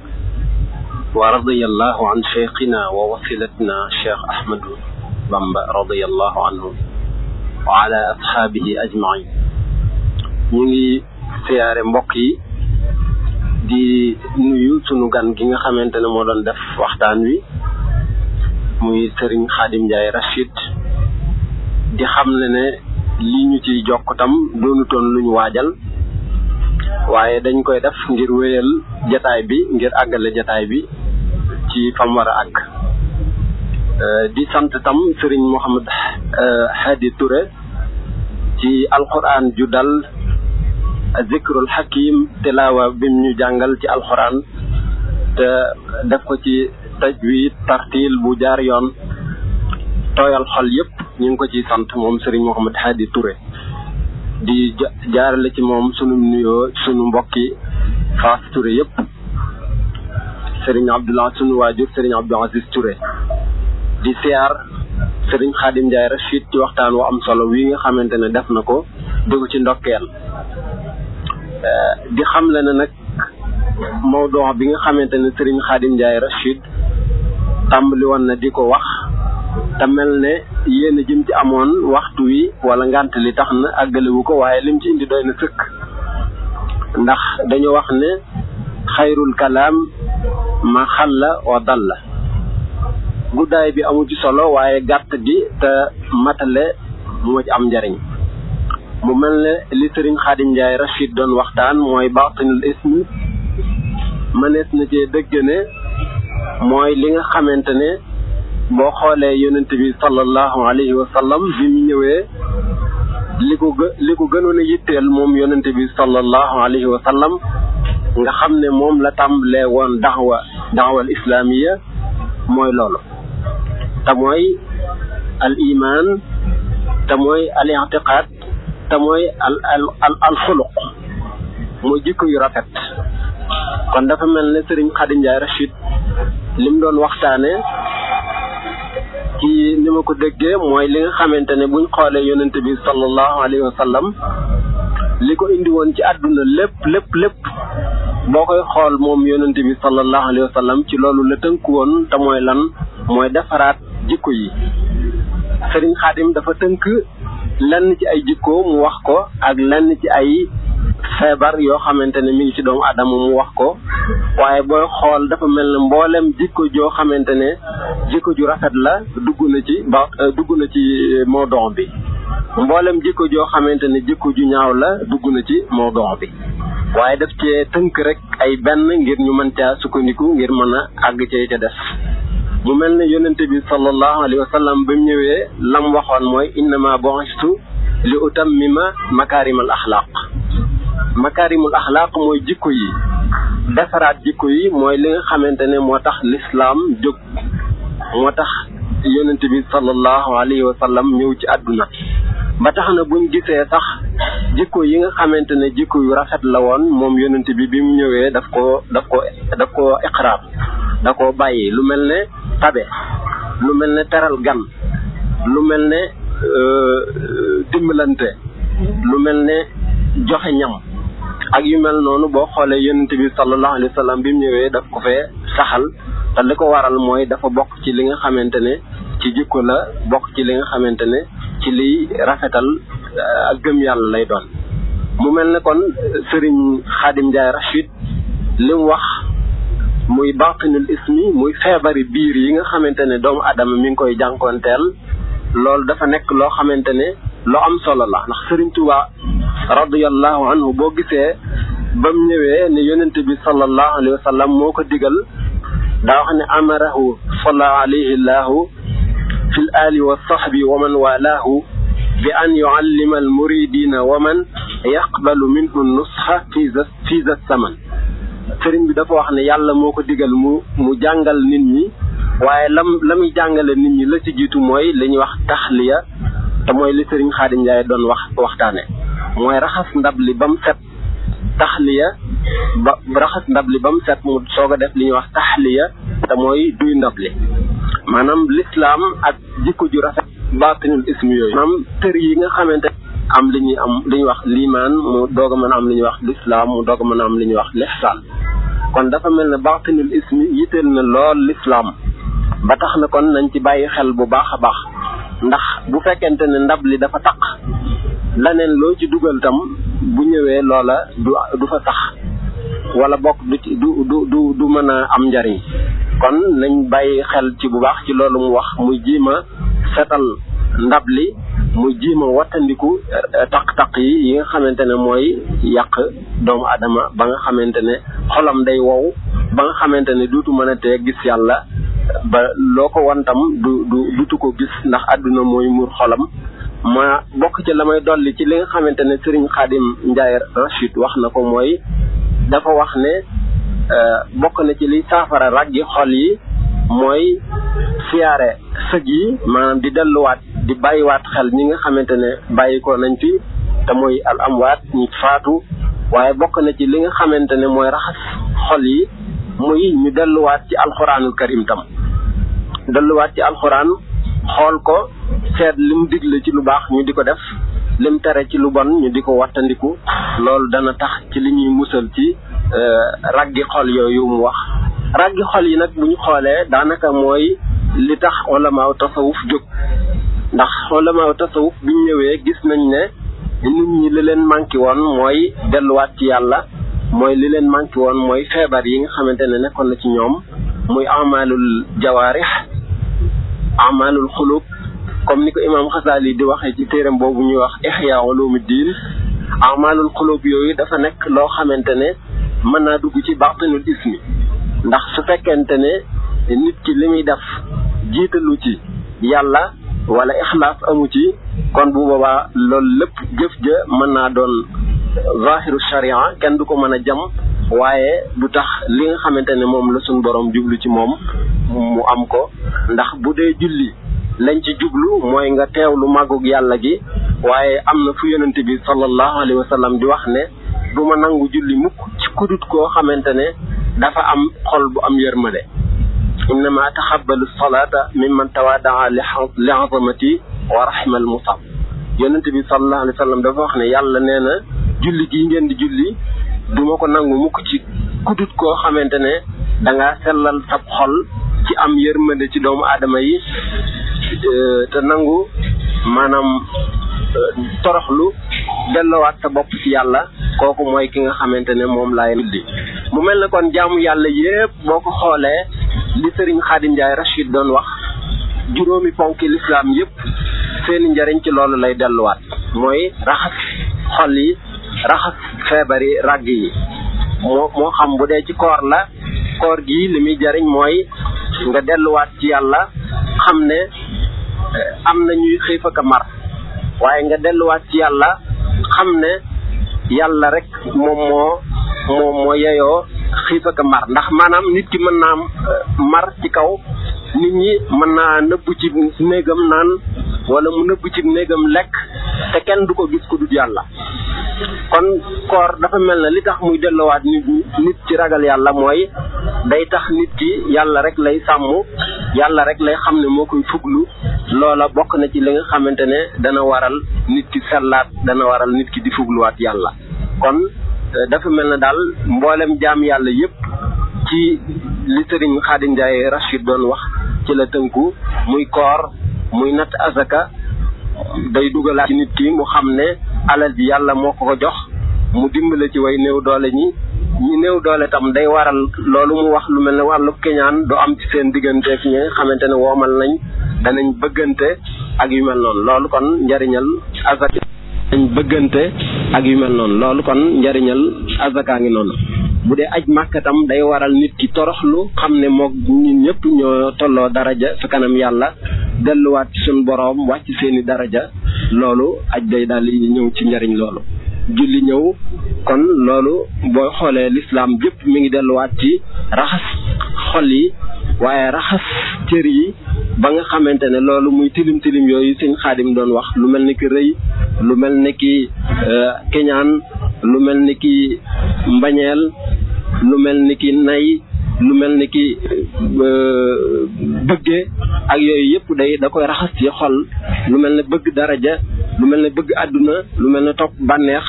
wa radiyallahu an cheikhina wa wasilatina cheikh ahmadu bamba radiyallahu anhu wa ala ashaabihi ajmain ñu ngi siyaare mbokk yi di nuyu sunu gan gi nga xamante ne moo doon def waxtaan wi muy sëriñ xaadim njaay rachid di xam ne ne li ñu ciy jokk tam doonutoon lu waajal waaye dañ koy def ngir wéyal jataay bi ngir àggale jataay bi ci fam war a àgg euh, di sant tam sëriñ Mouhamed euh, Hadi Touré ci alxuraan ju dal zikrul hakim tilaawa bim ñu jàngal ci alxuraan te def ko ci tajwid tartil bu jaar yoon tooyal xol yëpp ñu ngi ko ciy sant moom Serigne Mouhamed Hadi Touré di jaarale ci moom sunu nuyoo sunu mbokki Fass Touré yëpp Serigne Abdoulaye sunu waajur Serigne Abdou Aziz ture di siyaar Serigne Khadim Ndiaye Rachid ci waxtaan wu am solo wi nga xamante ne def na ko dugg ci ndokkeel eh, di xam xamle ne nag mawdoo bi nga xamante ne Serigne Khadim Ndiaye Rachid tàmbali woon na di ko wax te mel ne yéen jëm ci amoon waxtu wi wala ngant li tax na àggalewu ko waaye lim ci indi doy na sëkk ndax dañu wax ne xayrul kalaam ma xalla wa la guddaay bi amu ci solo waaye gàtt gi te matale moo ci am njariñ mu mel ne li sëriñ Xaadim Njaay doon waxtaan mooy baatinul ismi mënees na cee dëgg ne mooy li nga xamante ne boo xoolee yonent bi sallallahu alayhi wa sallam bi ñëwee li ko gë li ko gënoon a yitteel moom yonent bi sallallahu alayhi wa nga xam ne moom la tàmbalee woon daxwa daxwal islaamiya mooy loolu te mooy al iman te mooy al i'tiqaad te mooy al al al xuluq mooy jikko yu rafet kon dafa mel ne Serigne Khady Ndiaye Rachid lim doon waxtaane ci ni ma ko déggee mooy li nga xamante ne buñ xoolee yonent bi sallallahu alayhi wa li ko indi woon ci àdduna lépp lépp lépp boo koy xool moom yonent bi sallallahu alayhi wa ci loolu la tënk woon te mooy lan mooy defaraat jikko yi sëriñ xaadim dafa tënk lenn ci ay jikko mu wax ko ak lenn ci ay feebar yoo xamante ne mi ngi ci doomu aadama mu wax ko waaye booy xool dafa mel ne mboolem jikko joo xamante ne jikko ju rafet la dugg na ci ba euh, dugg na ci mawduu bi mboolem jikko joo xamante ne jikko ju ñaaw la dugg na ci mawduu bi waaye daf cee tënk rek ay benn ngir ñu mën caa sukkandiku ngir mën a àgg cee ca def mu mel ne yonente bi sallallahu alayhi wa ba mu ñëwee lam waxoon mooy innama bu'istu li utammima makaarimal axlaaq makaarimul axlaaq mooy jikko yi defaraat jikko yi mooy li nga xamante ne moo tax lislaam jóg moo tax yonent bi sallallahu alayhi wa ñëw ci àdduna ba tax na buñ gisee sax jikko yi nga xamante ne jikko yu rafet la woon moom yonent bi bi mu ñëwee daf ko daf ko daf ko da ko bàyyi lu mel ne tabe lu mel ne teral gan lu mel ne euh, dimbalante lu mel ne joxe ñam ak yu mel noonu boo xoolee yonent bi sallallahu alayhi wa bi mu ñëwee daf ko fee saxal te li ko waral mooy dafa bokk ci li nga xamante ne ci jikko la bokk ci li nga xamante ne ci liy rafetal euh, ak gëm yàlla lay doon. mu mel ne kon Serigne Khadim Ndiaye Rachid li wax muy baatinul ismi muy feebari biir yi nga xamante ne doomu adama mi ngi koy jànkoonteel loolu dafa nekk loo xamante ne. loo am solo la ndax Sëriñ Tuubaa boo gisee ba mu ñëwee ne yonente bi sallallahu alayhi wa moo ko digal daa wax ne amarahu salla alayhi fi l wa sahbi wa man walaahu bi an yuallima al muridina wa man yaqbalu minhu nusxa bi dafa wax ne yàlla moo ko digal mu mu jàngal nit ñi waaye lam la muy jàngale nit ñi la ci jiitu mooy li ñuy wax taxliya te mooy li sëriñ Xaadim Njaay doon wax waxtaane mooy raxas ndab li ba mu set taxliya ba raxas ndab li ba mu set mu soog a def li ñuy wax taxliya te mooy duy ndab li maanaam lislaam ak jikko ju rafet baatinul ism yooyu maanaam tër yi nga xamante am li ñuy am li ñuy wax liimaan mu doog a mën a am li ñuy wax lislaam mu doog a mën a am li ñuy wax lixsaan kon dafa mel ne baatinul ismi yitteel na lool lislaam ba tax na kon nañ ci bàyyi xel bu baax a baax ndax bu fekkente ne ndab li dafa taq laneen loo ci dugal tam bu ñëwee loola du du fa sax wala bokk du du du du mën a am njariñ kon nañ bàyyi xel ci bu baax ci loolu mu wax muy jiima setal ndab li muy jiima wattandiku eh, taq-taq yi yi nga xamante ne mooy yàq doomu adama ba nga xamante ne xolam day wow ba nga xamante ne duutu mën a tee gis yàlla ba loo ko wantam du du dutu ko gis ndax àdduna mooy muur xolam ma bokk ci la may dolli ci li nga xamante ne Serigne Khadim Ndiaye Rachid wax na ko mooy dafa wax ne euh, bokk na ci liy saafara ràggi xol yi mooy siyaare sëg yi maanaam di delluwaat di bàyyiwaat xel ñi nga xamante ne bàyyi nañ fi te mooy amwaat faatu waaye bokk na ci li nga xamante ne mooy raxas xol yi muy ñu delluwaat ci alxuraanul karim tam delluwaat ci alxuraan xool ko seet lim digle ci lu baax ñu di ko def lim tere ci lu bon ñu di ko wattandiku loolu dana tax ci li ñuy musal ci euh, raggi xol yooyu mu wax raggi xol yi nag bu ñu xoolee daanaka mooy li tax ulamaaw tasawuf jóg ndax ulamaaw tasawuf bi ñu ñëwee gis nañ ne nit ñi li leen manqué woon mooy delluwaat ci yàlla mooy li leen manqué woon mooy feebar yi nga xamante ne nekkoon na ci ñoom muy amalul jawaarix amalul xulub comme ni ko imaam Xasaali di waxee ci téeram boobu ñuy wax Ihya Ulumuddin amalul xulub yooyu dafa nekk loo xamante ne mën naa dugg ci baatinul ismi ndax su fekkente ne nit ki li muy def jiitalu ci yàlla wala ixlaas amu ci kon bu boobaa loolu lépp jëf ja mën naa doon zahiru sharia kenn du ko mën a jam waaye bu tax li nga xamante ne moom la suñ borom jublu ci moom mu am ko ndax bu dee julli lañ ci jublu mooy nga teew lu màggug yàlla gi waaye am na fu yonente bi sallallahu alayhi wa sallam di wax ne du ma nangu julli mukk ci kudut koo xamante ne dafa am xol bu am yërmande innama taxabalu salaata mimman tawaadaa li azamati wa rahmal musab yonente bi sallallahu alayhi wa sallam dafa wax ne yàlla nee na julli gi ngeen di julli du ma ko nangu mukk ci kudut koo xamante ne da ngaa sellal sab xol ci am yërmande ci doomu aadama yi euh, te nangu maanaam euh, toroxlu dellowaat sa bopp ci yàlla kooku mooy ki nga xamante ne moom lay tuddi mu mel ne kon jaamu yàlla yépp boo ko xoolee li sëriñ Xaadim Njaay Rachid doon wax juróomi ponki lislaam yépp seeni njariñ ci loolu lay delluwaat mooy raxas xol yi raxas feebari ràgg yi moo moo xam bu dee ci koor la koor gi li jariñ mooy nga delluwaat ci yàlla xam ne eh, am na ñuy xiif ak a mar waaye nga delluwaat ci yàlla xam ne yàlla rek moom moo moom moo yeyoo xiif ak mar ndax maanaam nit ki mën naa euh, mar ci kaw nit ñi mën naa nëbb ci néegam naan wala mu nëbb ci néegam lekk te kenn du ko gis ku yàlla kon koor dafa mel na li tax muy dellowaat nit nit ci ragal yàlla mooy day tax nit ki yàlla rek lay sàmm yàlla rek lay xam ne moo koy fuglu loola bokk na ci li nga xamante ne dana waral nit ki sellaat dana waral nit ki di fugluwaat yàlla kon dafa mel na daal mboolem jaam yàlla yëpp ci li sëriñ Xaadim Njaay Rachid doon wax ci la tënku muy koor muy natt azaka day dugalaat ci nit ki mu xam ne alal ji yàlla moo ko ko jox mu dimbale ci way néew doole ñi ñi néew doole tam day waral loolu mu wax lu mel ne wàllu keñaan du am ci seen digganteeg ñi nga xamante ne nañ danañ bëggante ak yu mel noonu loolu kon njariñal azaka dañ bëggante ak yu mel noonu loolu kon njariñal azaka ngi noonu bu dee aj màkk day waral nit ki toroxlu xam ne moog ñun ñëpp ñoo tolloo daraja fa kanam yàlla delluwaat ci suñ boroom wàcc seeni daraja loolu aj day daal di ñëw ci njariñ loolu julli ñëw kon loolu boo xoolee lislaam jëpp mi ngi delluwaat ci raxas xol yi waaye raxas cër yi ba nga xamante ne loolu muy tilim tilim yooyu sëñ xaadim doon wax lu mel ni ki rëy lu mel ni ki euh, keñaan lu mel ni ki mbañeel lu mel ni ki nay lu mel ni ki euh, bëgge ak yooyu yëpp day da koy raxas ci xol lu mel ne bëgg daraja lu mel ne bëgg àdduna lu mel ne topp bànneex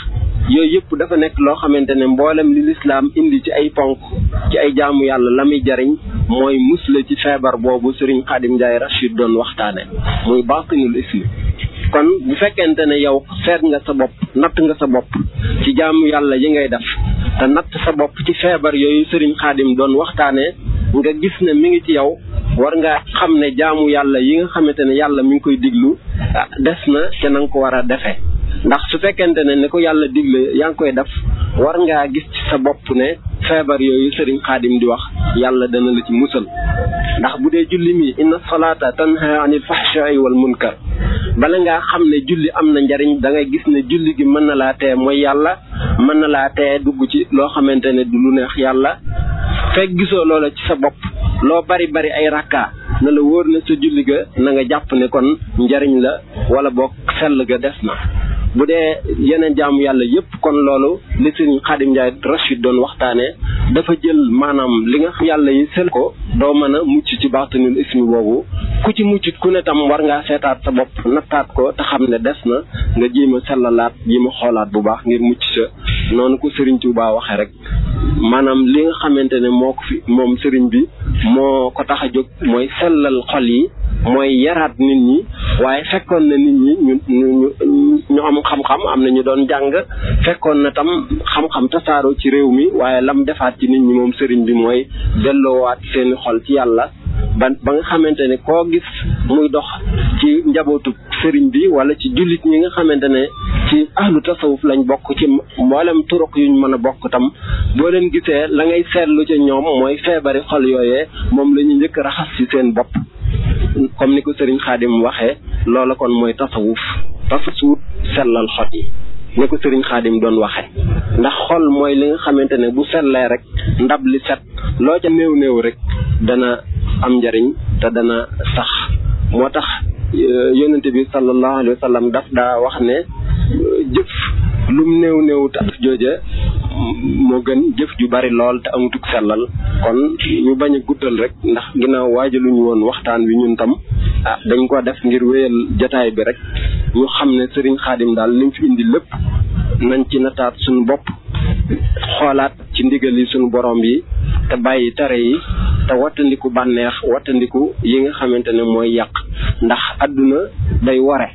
yooyu yëpp dafa nekk loo xamante ne mboolem li lislaam indi ci ay ponk ci ay jaamu yàlla la muy jariñ mooy musla ci feebar boobu sëriñ Xaadim Njaay Rachid doon waxtaane muy baatinul islam kon bu fekkente ne yow seet nga sa bopp natt nga sa bopp ci jaamu yàlla yi ngay def te natt sa bopp ci feebar yooyu sëriñ Xaadim doon waxtaane nga gis ne mi ngi ci yow war nga xam ne jaamu yàlla yi nga xamante ne yàlla mi ngi koy diglu ah, des na te ko war a defee ndax su fekkente ne ni ko yàlla digle yaa ngi koy def war ngaa gis ci sa bopp ne feebar yooyu sëriñ xaadim di wax yàlla dana la ci musal ndax bu dee julli mi inna salaata tanha anil fahsha'i wal munkar bala ngaa xam ne julli am na njariñ dangay gis ne julli gi mën na laa tee mooy yàlla mën na laa tee dugg ci loo xamante ne du lu neex yàlla fekk gisoo loola ci sa bopp loo bari bari ay rakka na la wóor ne sa julli ga na nga jàpp ne kon njariñ la wala boog sell ga des na bu dee yeneen jaamu yàlla yëpp kon loolu li sëñ Xaadim Njaay Rachid doon waxtaanee dafa jël maanaam li nga yàlla yi sel ko doo mën a mucc ci baatinul ismi boobu ku ci muccut ku ne tam war ngaa seetaat sa bopp nataat ko te xam ne des na nga jéem a sellalaat jéem a xoolaat bu baax ngir mucc sa noonu ko Sëriñ Tuubaa waxee rek maanaam li nga xamante ne moo ko fi moom sëriñ bi moo ko tax a jóg mooy sellal xol yi mooy yaraat nit ñi waaye fekkoon na nit ñi ñu ñu ñu am xam-xam am na ñu doon jàng fekkoon na tam xam-xam tasaaroo ci réew mi waaye lam defaat ci nit ñi moom sëriñ bi mooy delloowaat seeni xol ci yàlla ba ba nga xamante ne koo gis muy dox ci njabootu sëriñ bi wala ci jullit ñi nga xamante ne ci ahlu tasawuf lañ bokk ci mboolem yu ñu mën a bokk tam boo leen gisee la ngay seetlu ca ñoom mooy feebari xol yooye moom la ñu njëkk raxas ci seen bopp comme ni ko sëriñ xaadim waxee loola kon mooy tasawuf tasawuf sellal xot yi ni ko sëriñ xaadim doon waxee ndax xol mooy li nga xamante ne bu sellee rek ndab li set loo ca néew néew rek dana am njariñ te dana sax moo tax euh, yonente bi sallallahu alayhi wa sallam daf daa wax ne jëf lum néew néew te jooja moo gën jëf ju bari lool te amutuk sellal kon ñu bañ a guddal rek ndax ginnaaw waajaluñu woon waxtaan wi ñun tam ah dañ ko def ngir wéyal jataay bi rek ñu xam ne sëriñ xaadim daal liñ fi indi lépp nañ ci nataat suñu bopp xoolaat ci ndigal yi suñu boroom yi te bàyyi tare yi te wattandiku bànneex wattandiku yi nga xamante ne mooy yàq ndax àdduna day ware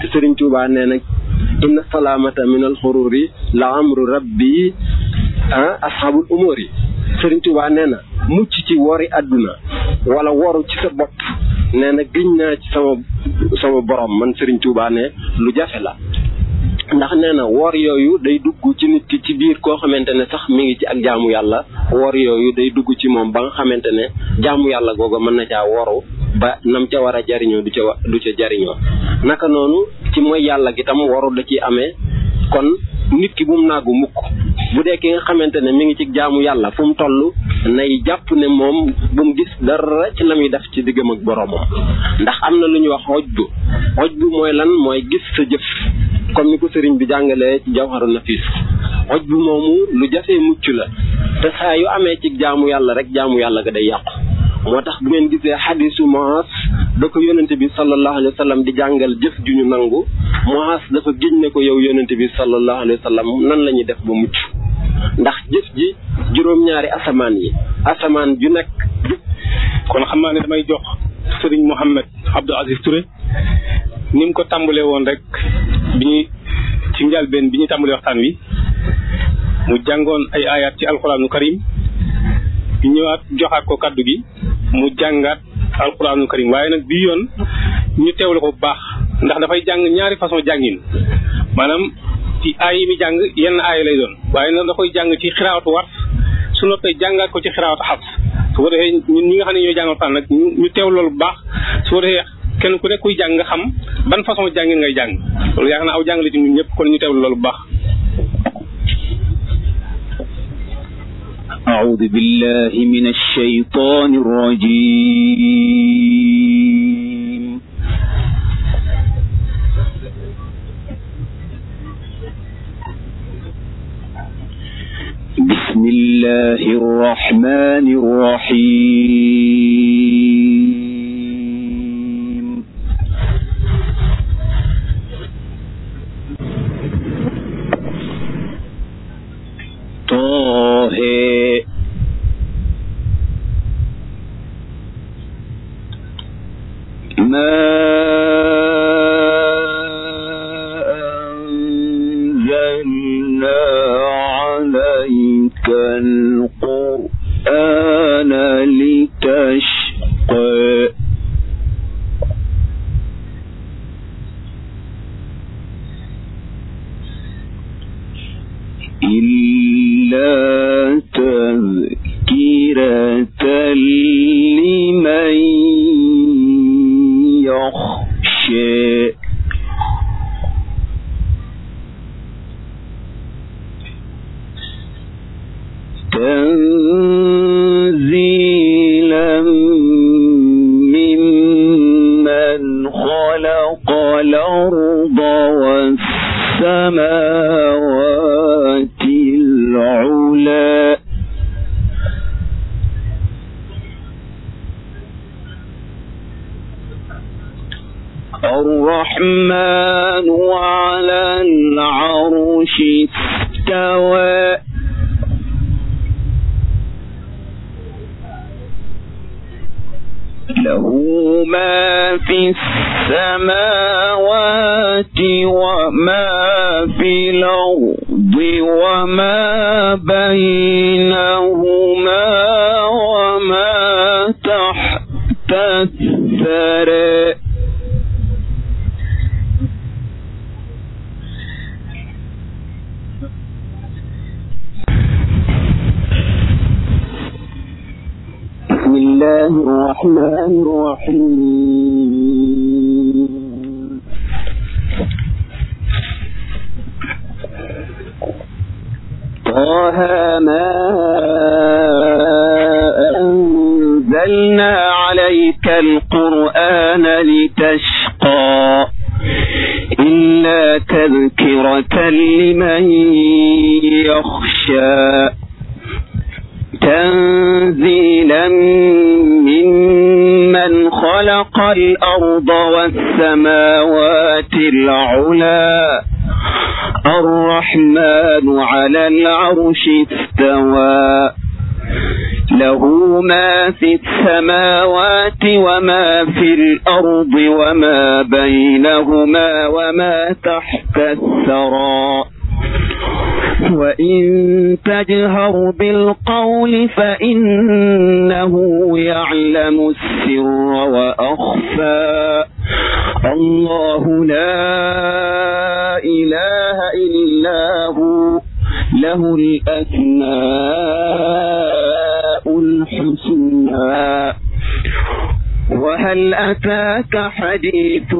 te sëriñ Tuubaa nee na inna salaamata min alxururi la amru rabbi ah asxaabul umóor yi Sëriñ Tuubaa nee na mucc ci wori àdduna walla woru ci sa bopp nee na giñ naa ci sama sama borom man Sëriñ Tuubaa ne lu jafe la ndax nee na woor yooyu day dugg ci nit ki ci biir koo xamante ne sax mi ngi ci ak jaamu yàlla woor yooyu day dugg ci moom ba nga xamante ne jaamu yàlla googu mën na caa woru ba nam ca war a jariñoo du ca wa du ca jariñoo naka noonu ci mooy yàlla gi tam woru da ciy amee kon nit ki bu mu naagu mukk bu dee ki nga xamante ne mi ngi ci jaamu yàlla fu mu toll nay jàpp ne moom bu mu gis dara ci la muy def ci diggam ak boroomam ndax am na lu ñuy wax xoj bu xoj mooy lan mooy gis sa jëf comme ni ko sëriñ bi jàngalee ci jawharu nafis xoj moomu lu jafee mucc la te saa yu amee ci jaamu yàlla rek jaamu yàlla ga day yàqu moo tax bu ngeen gisee xadisu Muaas da ko yonente bi sallallahu alayhi wa di jàngal jëf ju ñu nangu Muaas ko giñ ne ko yow yonente bi sallallahu alayhi wa sallam nan la ñuy def ba mucc ndax jëf ji juróom-ñaari asamaan yi asamaan ju nekk kon xam naa ne damay jox sëriñ Mouhamed Abdou Aziz Touré ni mu ko tàmbalee woon rek bi ñuy ci njalbeen bi ñuy tàmbalee waxtaan wi mu jàngoon ay ayat ci alxuraanu karim ñëwaat joxaat ko kàddu gi mu jàngaat alquranul karim waaye nag bii yoon ñu teewlu ko bu baax ndax dafay jàng ñaari façon jàngin maanaam ci aay yi mi jàng yenn aay lay doon waaye nag da koy jàng ci xiraawatu war su noppee jàngaat ko ci xiraawatu xabs su ko ñi nga xam ne ñoo jàngal nag ñu teew loolu bu baax su kenn ku nekk kuy jàng xam ban façon jàngin ngay jàng loolu yaakaar naa aw jàngale ci ñëpp kon ñu teewlu loolu bu baax أعوذ بالله من الشيطان الرجيم بسم الله الرحمن الرحيم طه out here. ما أنزلنا عليك تنزيلا ممن خلق الأرض والسماوات العلا الرحمن الرحمن الرحيم طه ما أنزلنا عليك القرآن لتشفى بينهما وما تحت الثرى وإن تجهر بالقول فإنه يعلم السر وأخفى الله لا إله إلا هو له الأسماء الحسنى وهل أتاك حديث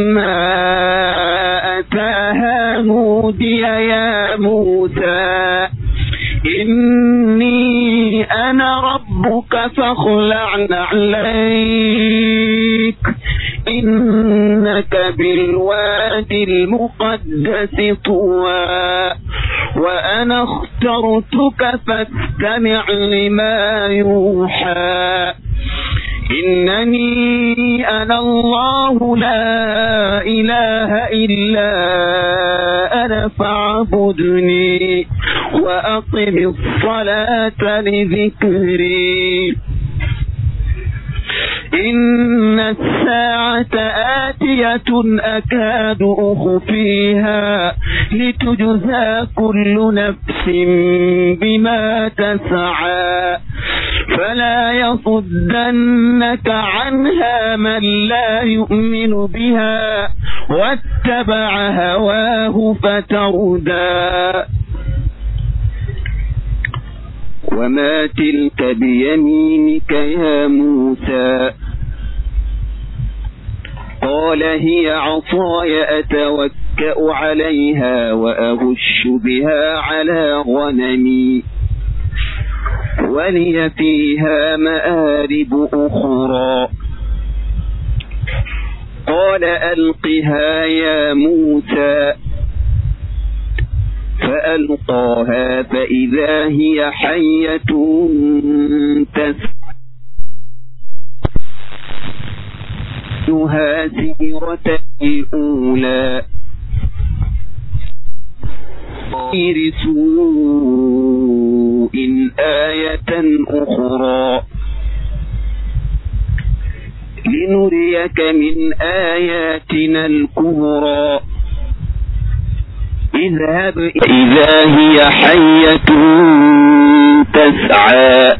فلما أتاها نودي يا موسى إني أنا ربك فاخلع عليك إنك بالوادي المقدس طوى وأنا اخترتك فاستمع لما أنا الله لا إله إلا أنا فاعبدني وأقم الصلاة لذكري إن الساعة آتية أكاد أخفيها لتجزى كل نفس بما تسعى فلا يصدنك عنها من لا يؤمن بها واتبع هواه فتردى وما تلك بيمينك يا موسى قال هي عصاي أتوكأ عليها وأهش بها على غنمي ولي فيها مآرب أخرى قال ألقها يا موسى فألقاها فإذا هي حية تسعها سيرة الأولى غير سوء إن آية أخرى لنريك من آياتنا الكبرى اذهب إذا هي حية تسعى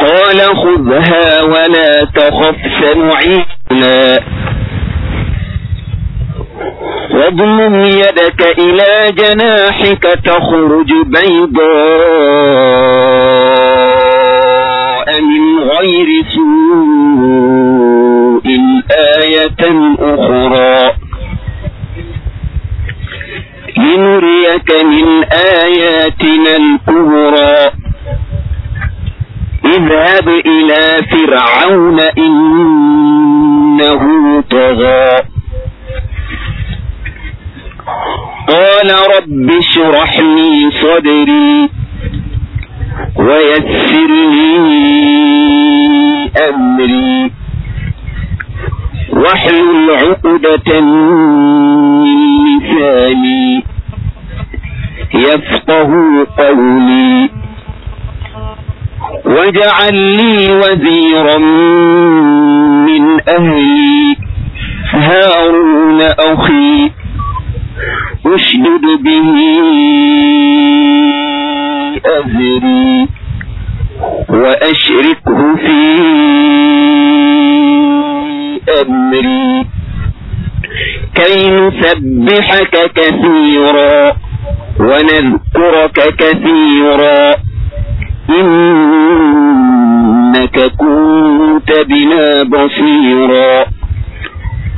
قال خذها ولا تخف سنعيدنا واضمم يدك إلى جناحك تخرج بيضاء من غير سوء آية أخرى لنريك من آياتنا الكبرى اذهب إلى فرعون إنه طغى قال رب اشرح لي صدري ويسر لي أمري واحلل عقدة من لساني يفقه قولي واجعل لي وزيرا من أهلي هارون أخي أشدد به أذري وأشركه في أمري كي نسبحك كثيرا ونذكرك كثيرا إنك كنت بنا بصيرا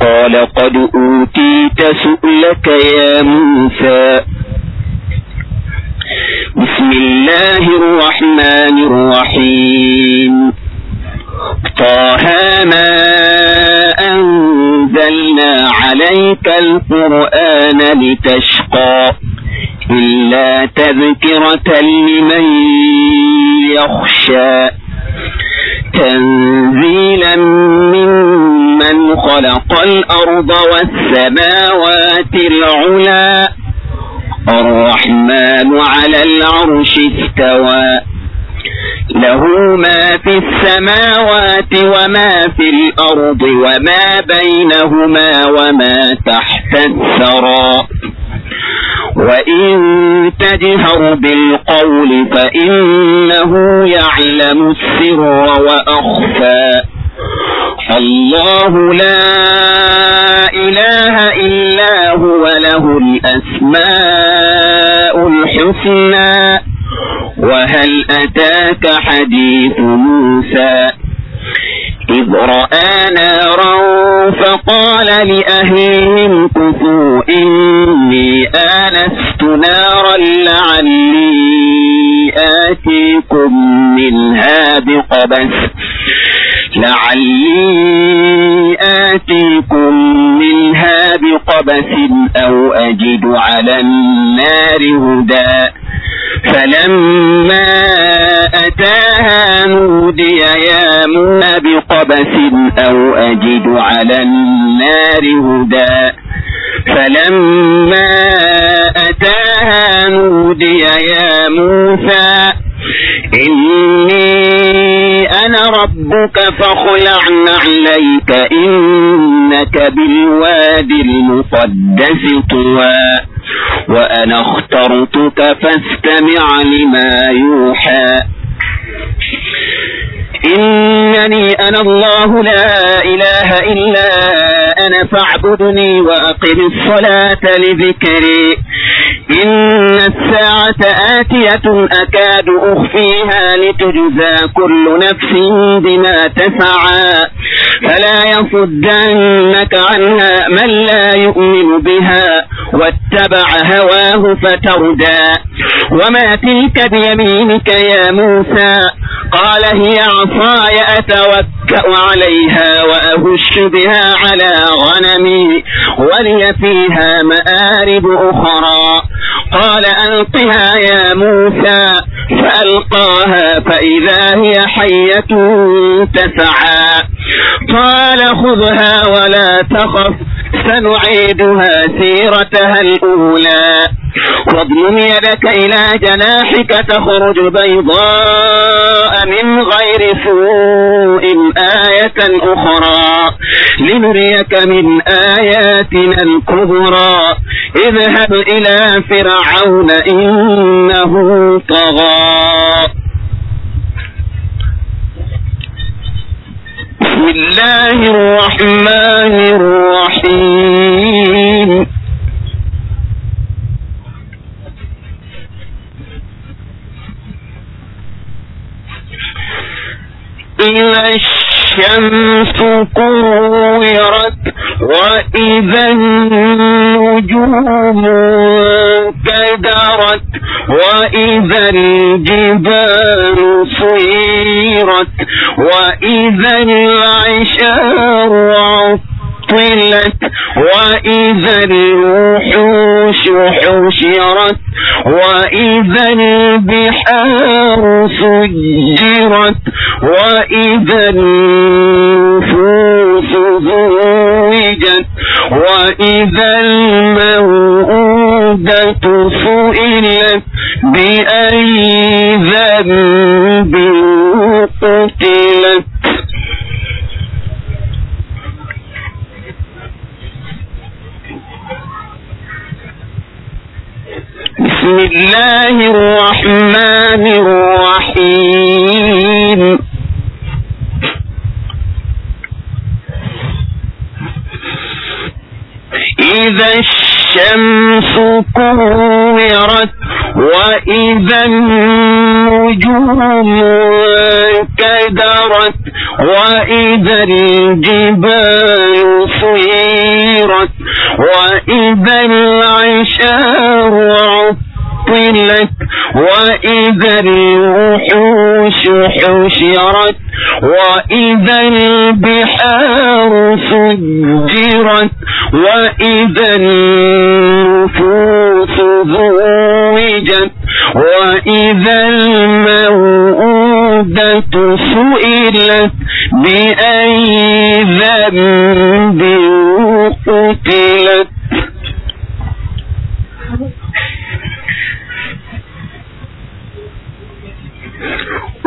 qaala qad uutiita su'laka yaa Muusaa bismillaahi rrahmaani rrahiim طه ما أنزلنا عليك القرآن لتشقى إلا تذكرة لمن يخشى تنزيل خلق الأرض والسماوات العلا الرحمن على العرش استوى له ما في السماوات وما في الأرض وما بينهما وما تحت الثرى وإن تجهر بالقول فإنه يعلم السر وأخفى الله لا إله إلا هو له الأسماء الحسنى وهل أتاك حديث موسى إذ رأى نارا فقال لأهلهم كفوا إني آنست نارا لعلي آتيكم منها بقبس لعلي آتيكم منها بقبس أو أجد على النار هدى فلما أتاها نودي يا منى بقبس أو أجد على النار هدى فلما أتاها نودي يا موسى إني أنا ربك فاخلع عليك إنك بالوادي المقدس طوى وأنا اخترتك فاستمع لما يوحى إنني أنا الله لا إله إلا أنا فاعبدني وأقم الصلاة لذكري إن الساعة آتية أكاد أخفيها لتجزى كل نفس بما تسعى فلا يصدنك عنها من لا يؤمن بها واتبع هواه فتردى وما تلك بيمينك يا موسى قال هي عصاي أتوكأ عليها وأهش بها على غنمي ولي فيها مآرب أخرى قال ألقها يا موسى فألقاها فإذا هي حية تسعى قال خذها ولا تخف سنعيدها سيرتها الأولى واضم يدك إلى جناحك تخرج بيضاء من غير سوء آية أخرى لنريك من آياتنا الكبرى اذهب إلى فرعون إنه طغى بسم الله الرحمن الرحيم وإذا الشمس كورت وإذا النجوم كدرت وإذا الجبال صيرت وإذا العشار عطلت وإذا الوحوش حشرت وإذا البحار سجرت وإذا النفوس زوجت وإذا الموءودة سئلت بأي ذنب قتلت بسم الله الرحمن الرحيم إذا الشمس كورت وإذا النجوم كدرت وإذا الجبال صيرت وإذا العشار عطلت عطلت وإذا الوحوش حشرت وإذا البحار سجرت وإذا النفوس زوجت وإذا الموءودة سئلت بأي ذنب قتلت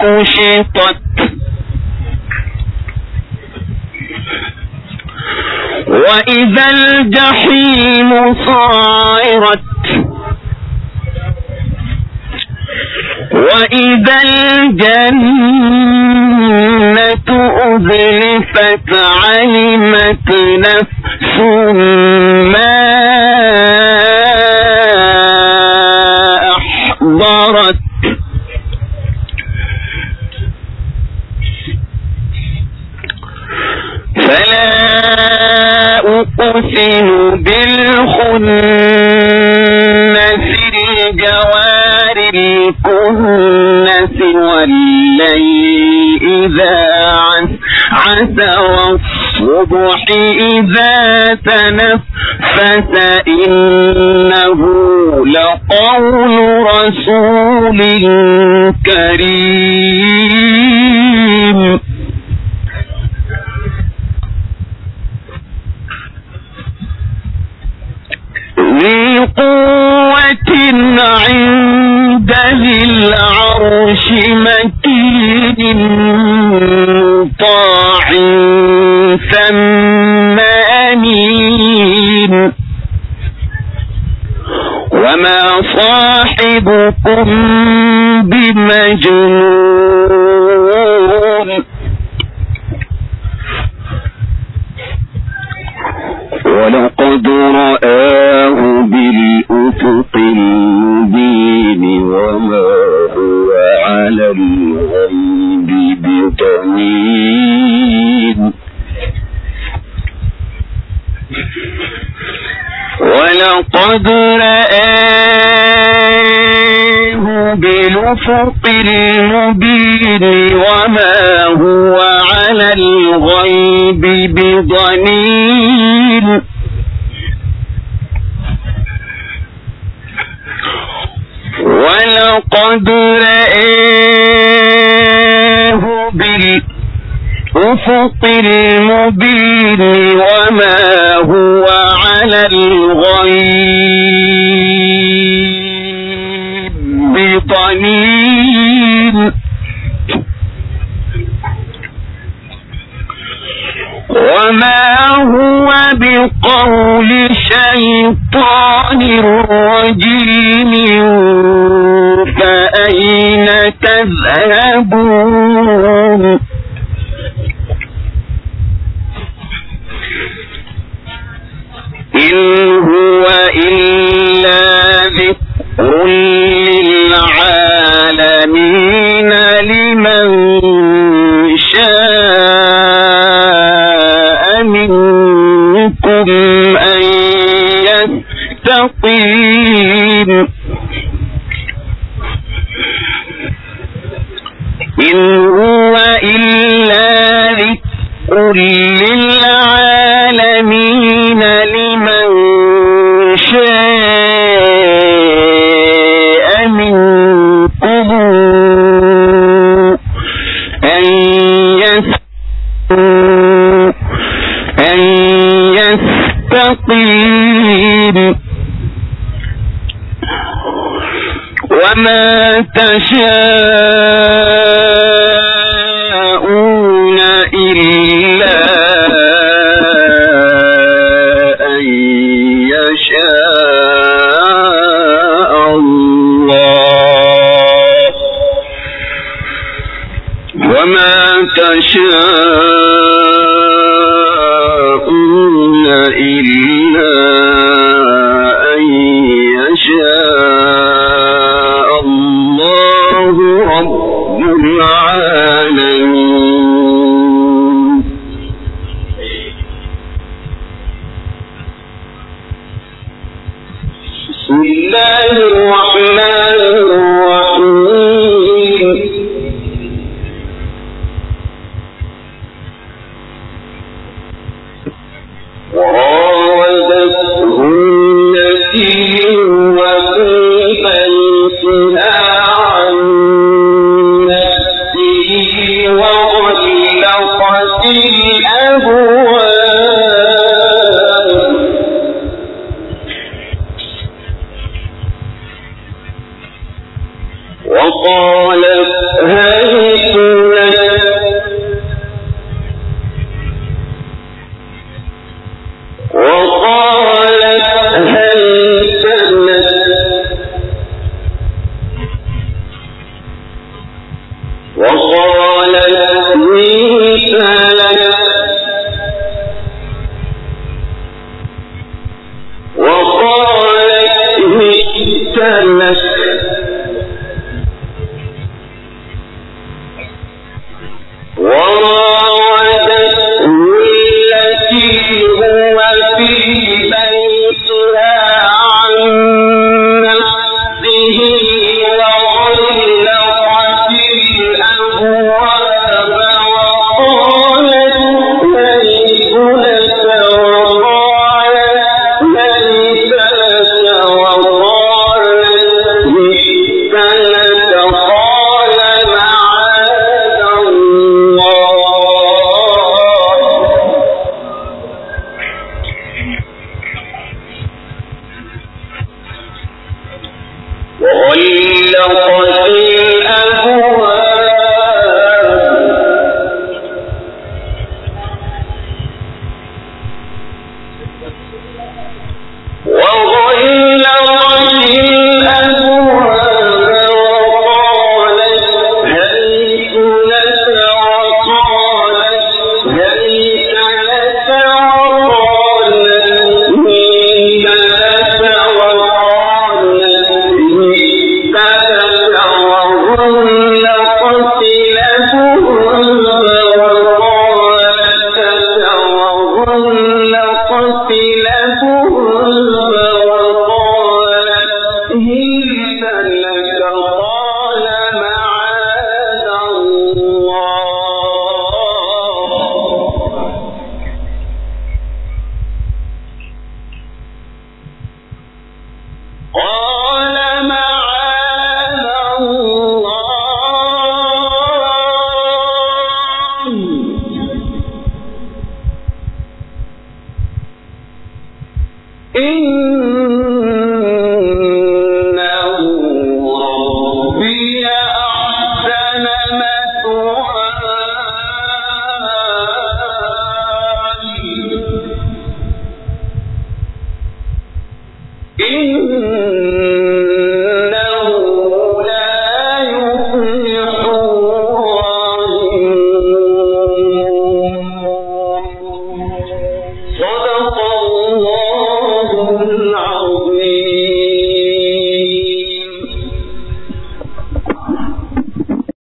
أشطت وإذا الجحيم صائرت وإذا الجنة أذلفت علمت نفس ما الخيل بالخنس الجوار الكنس والليل إذا عسى والصبح إذا تنفس إنه لقول رسول كريم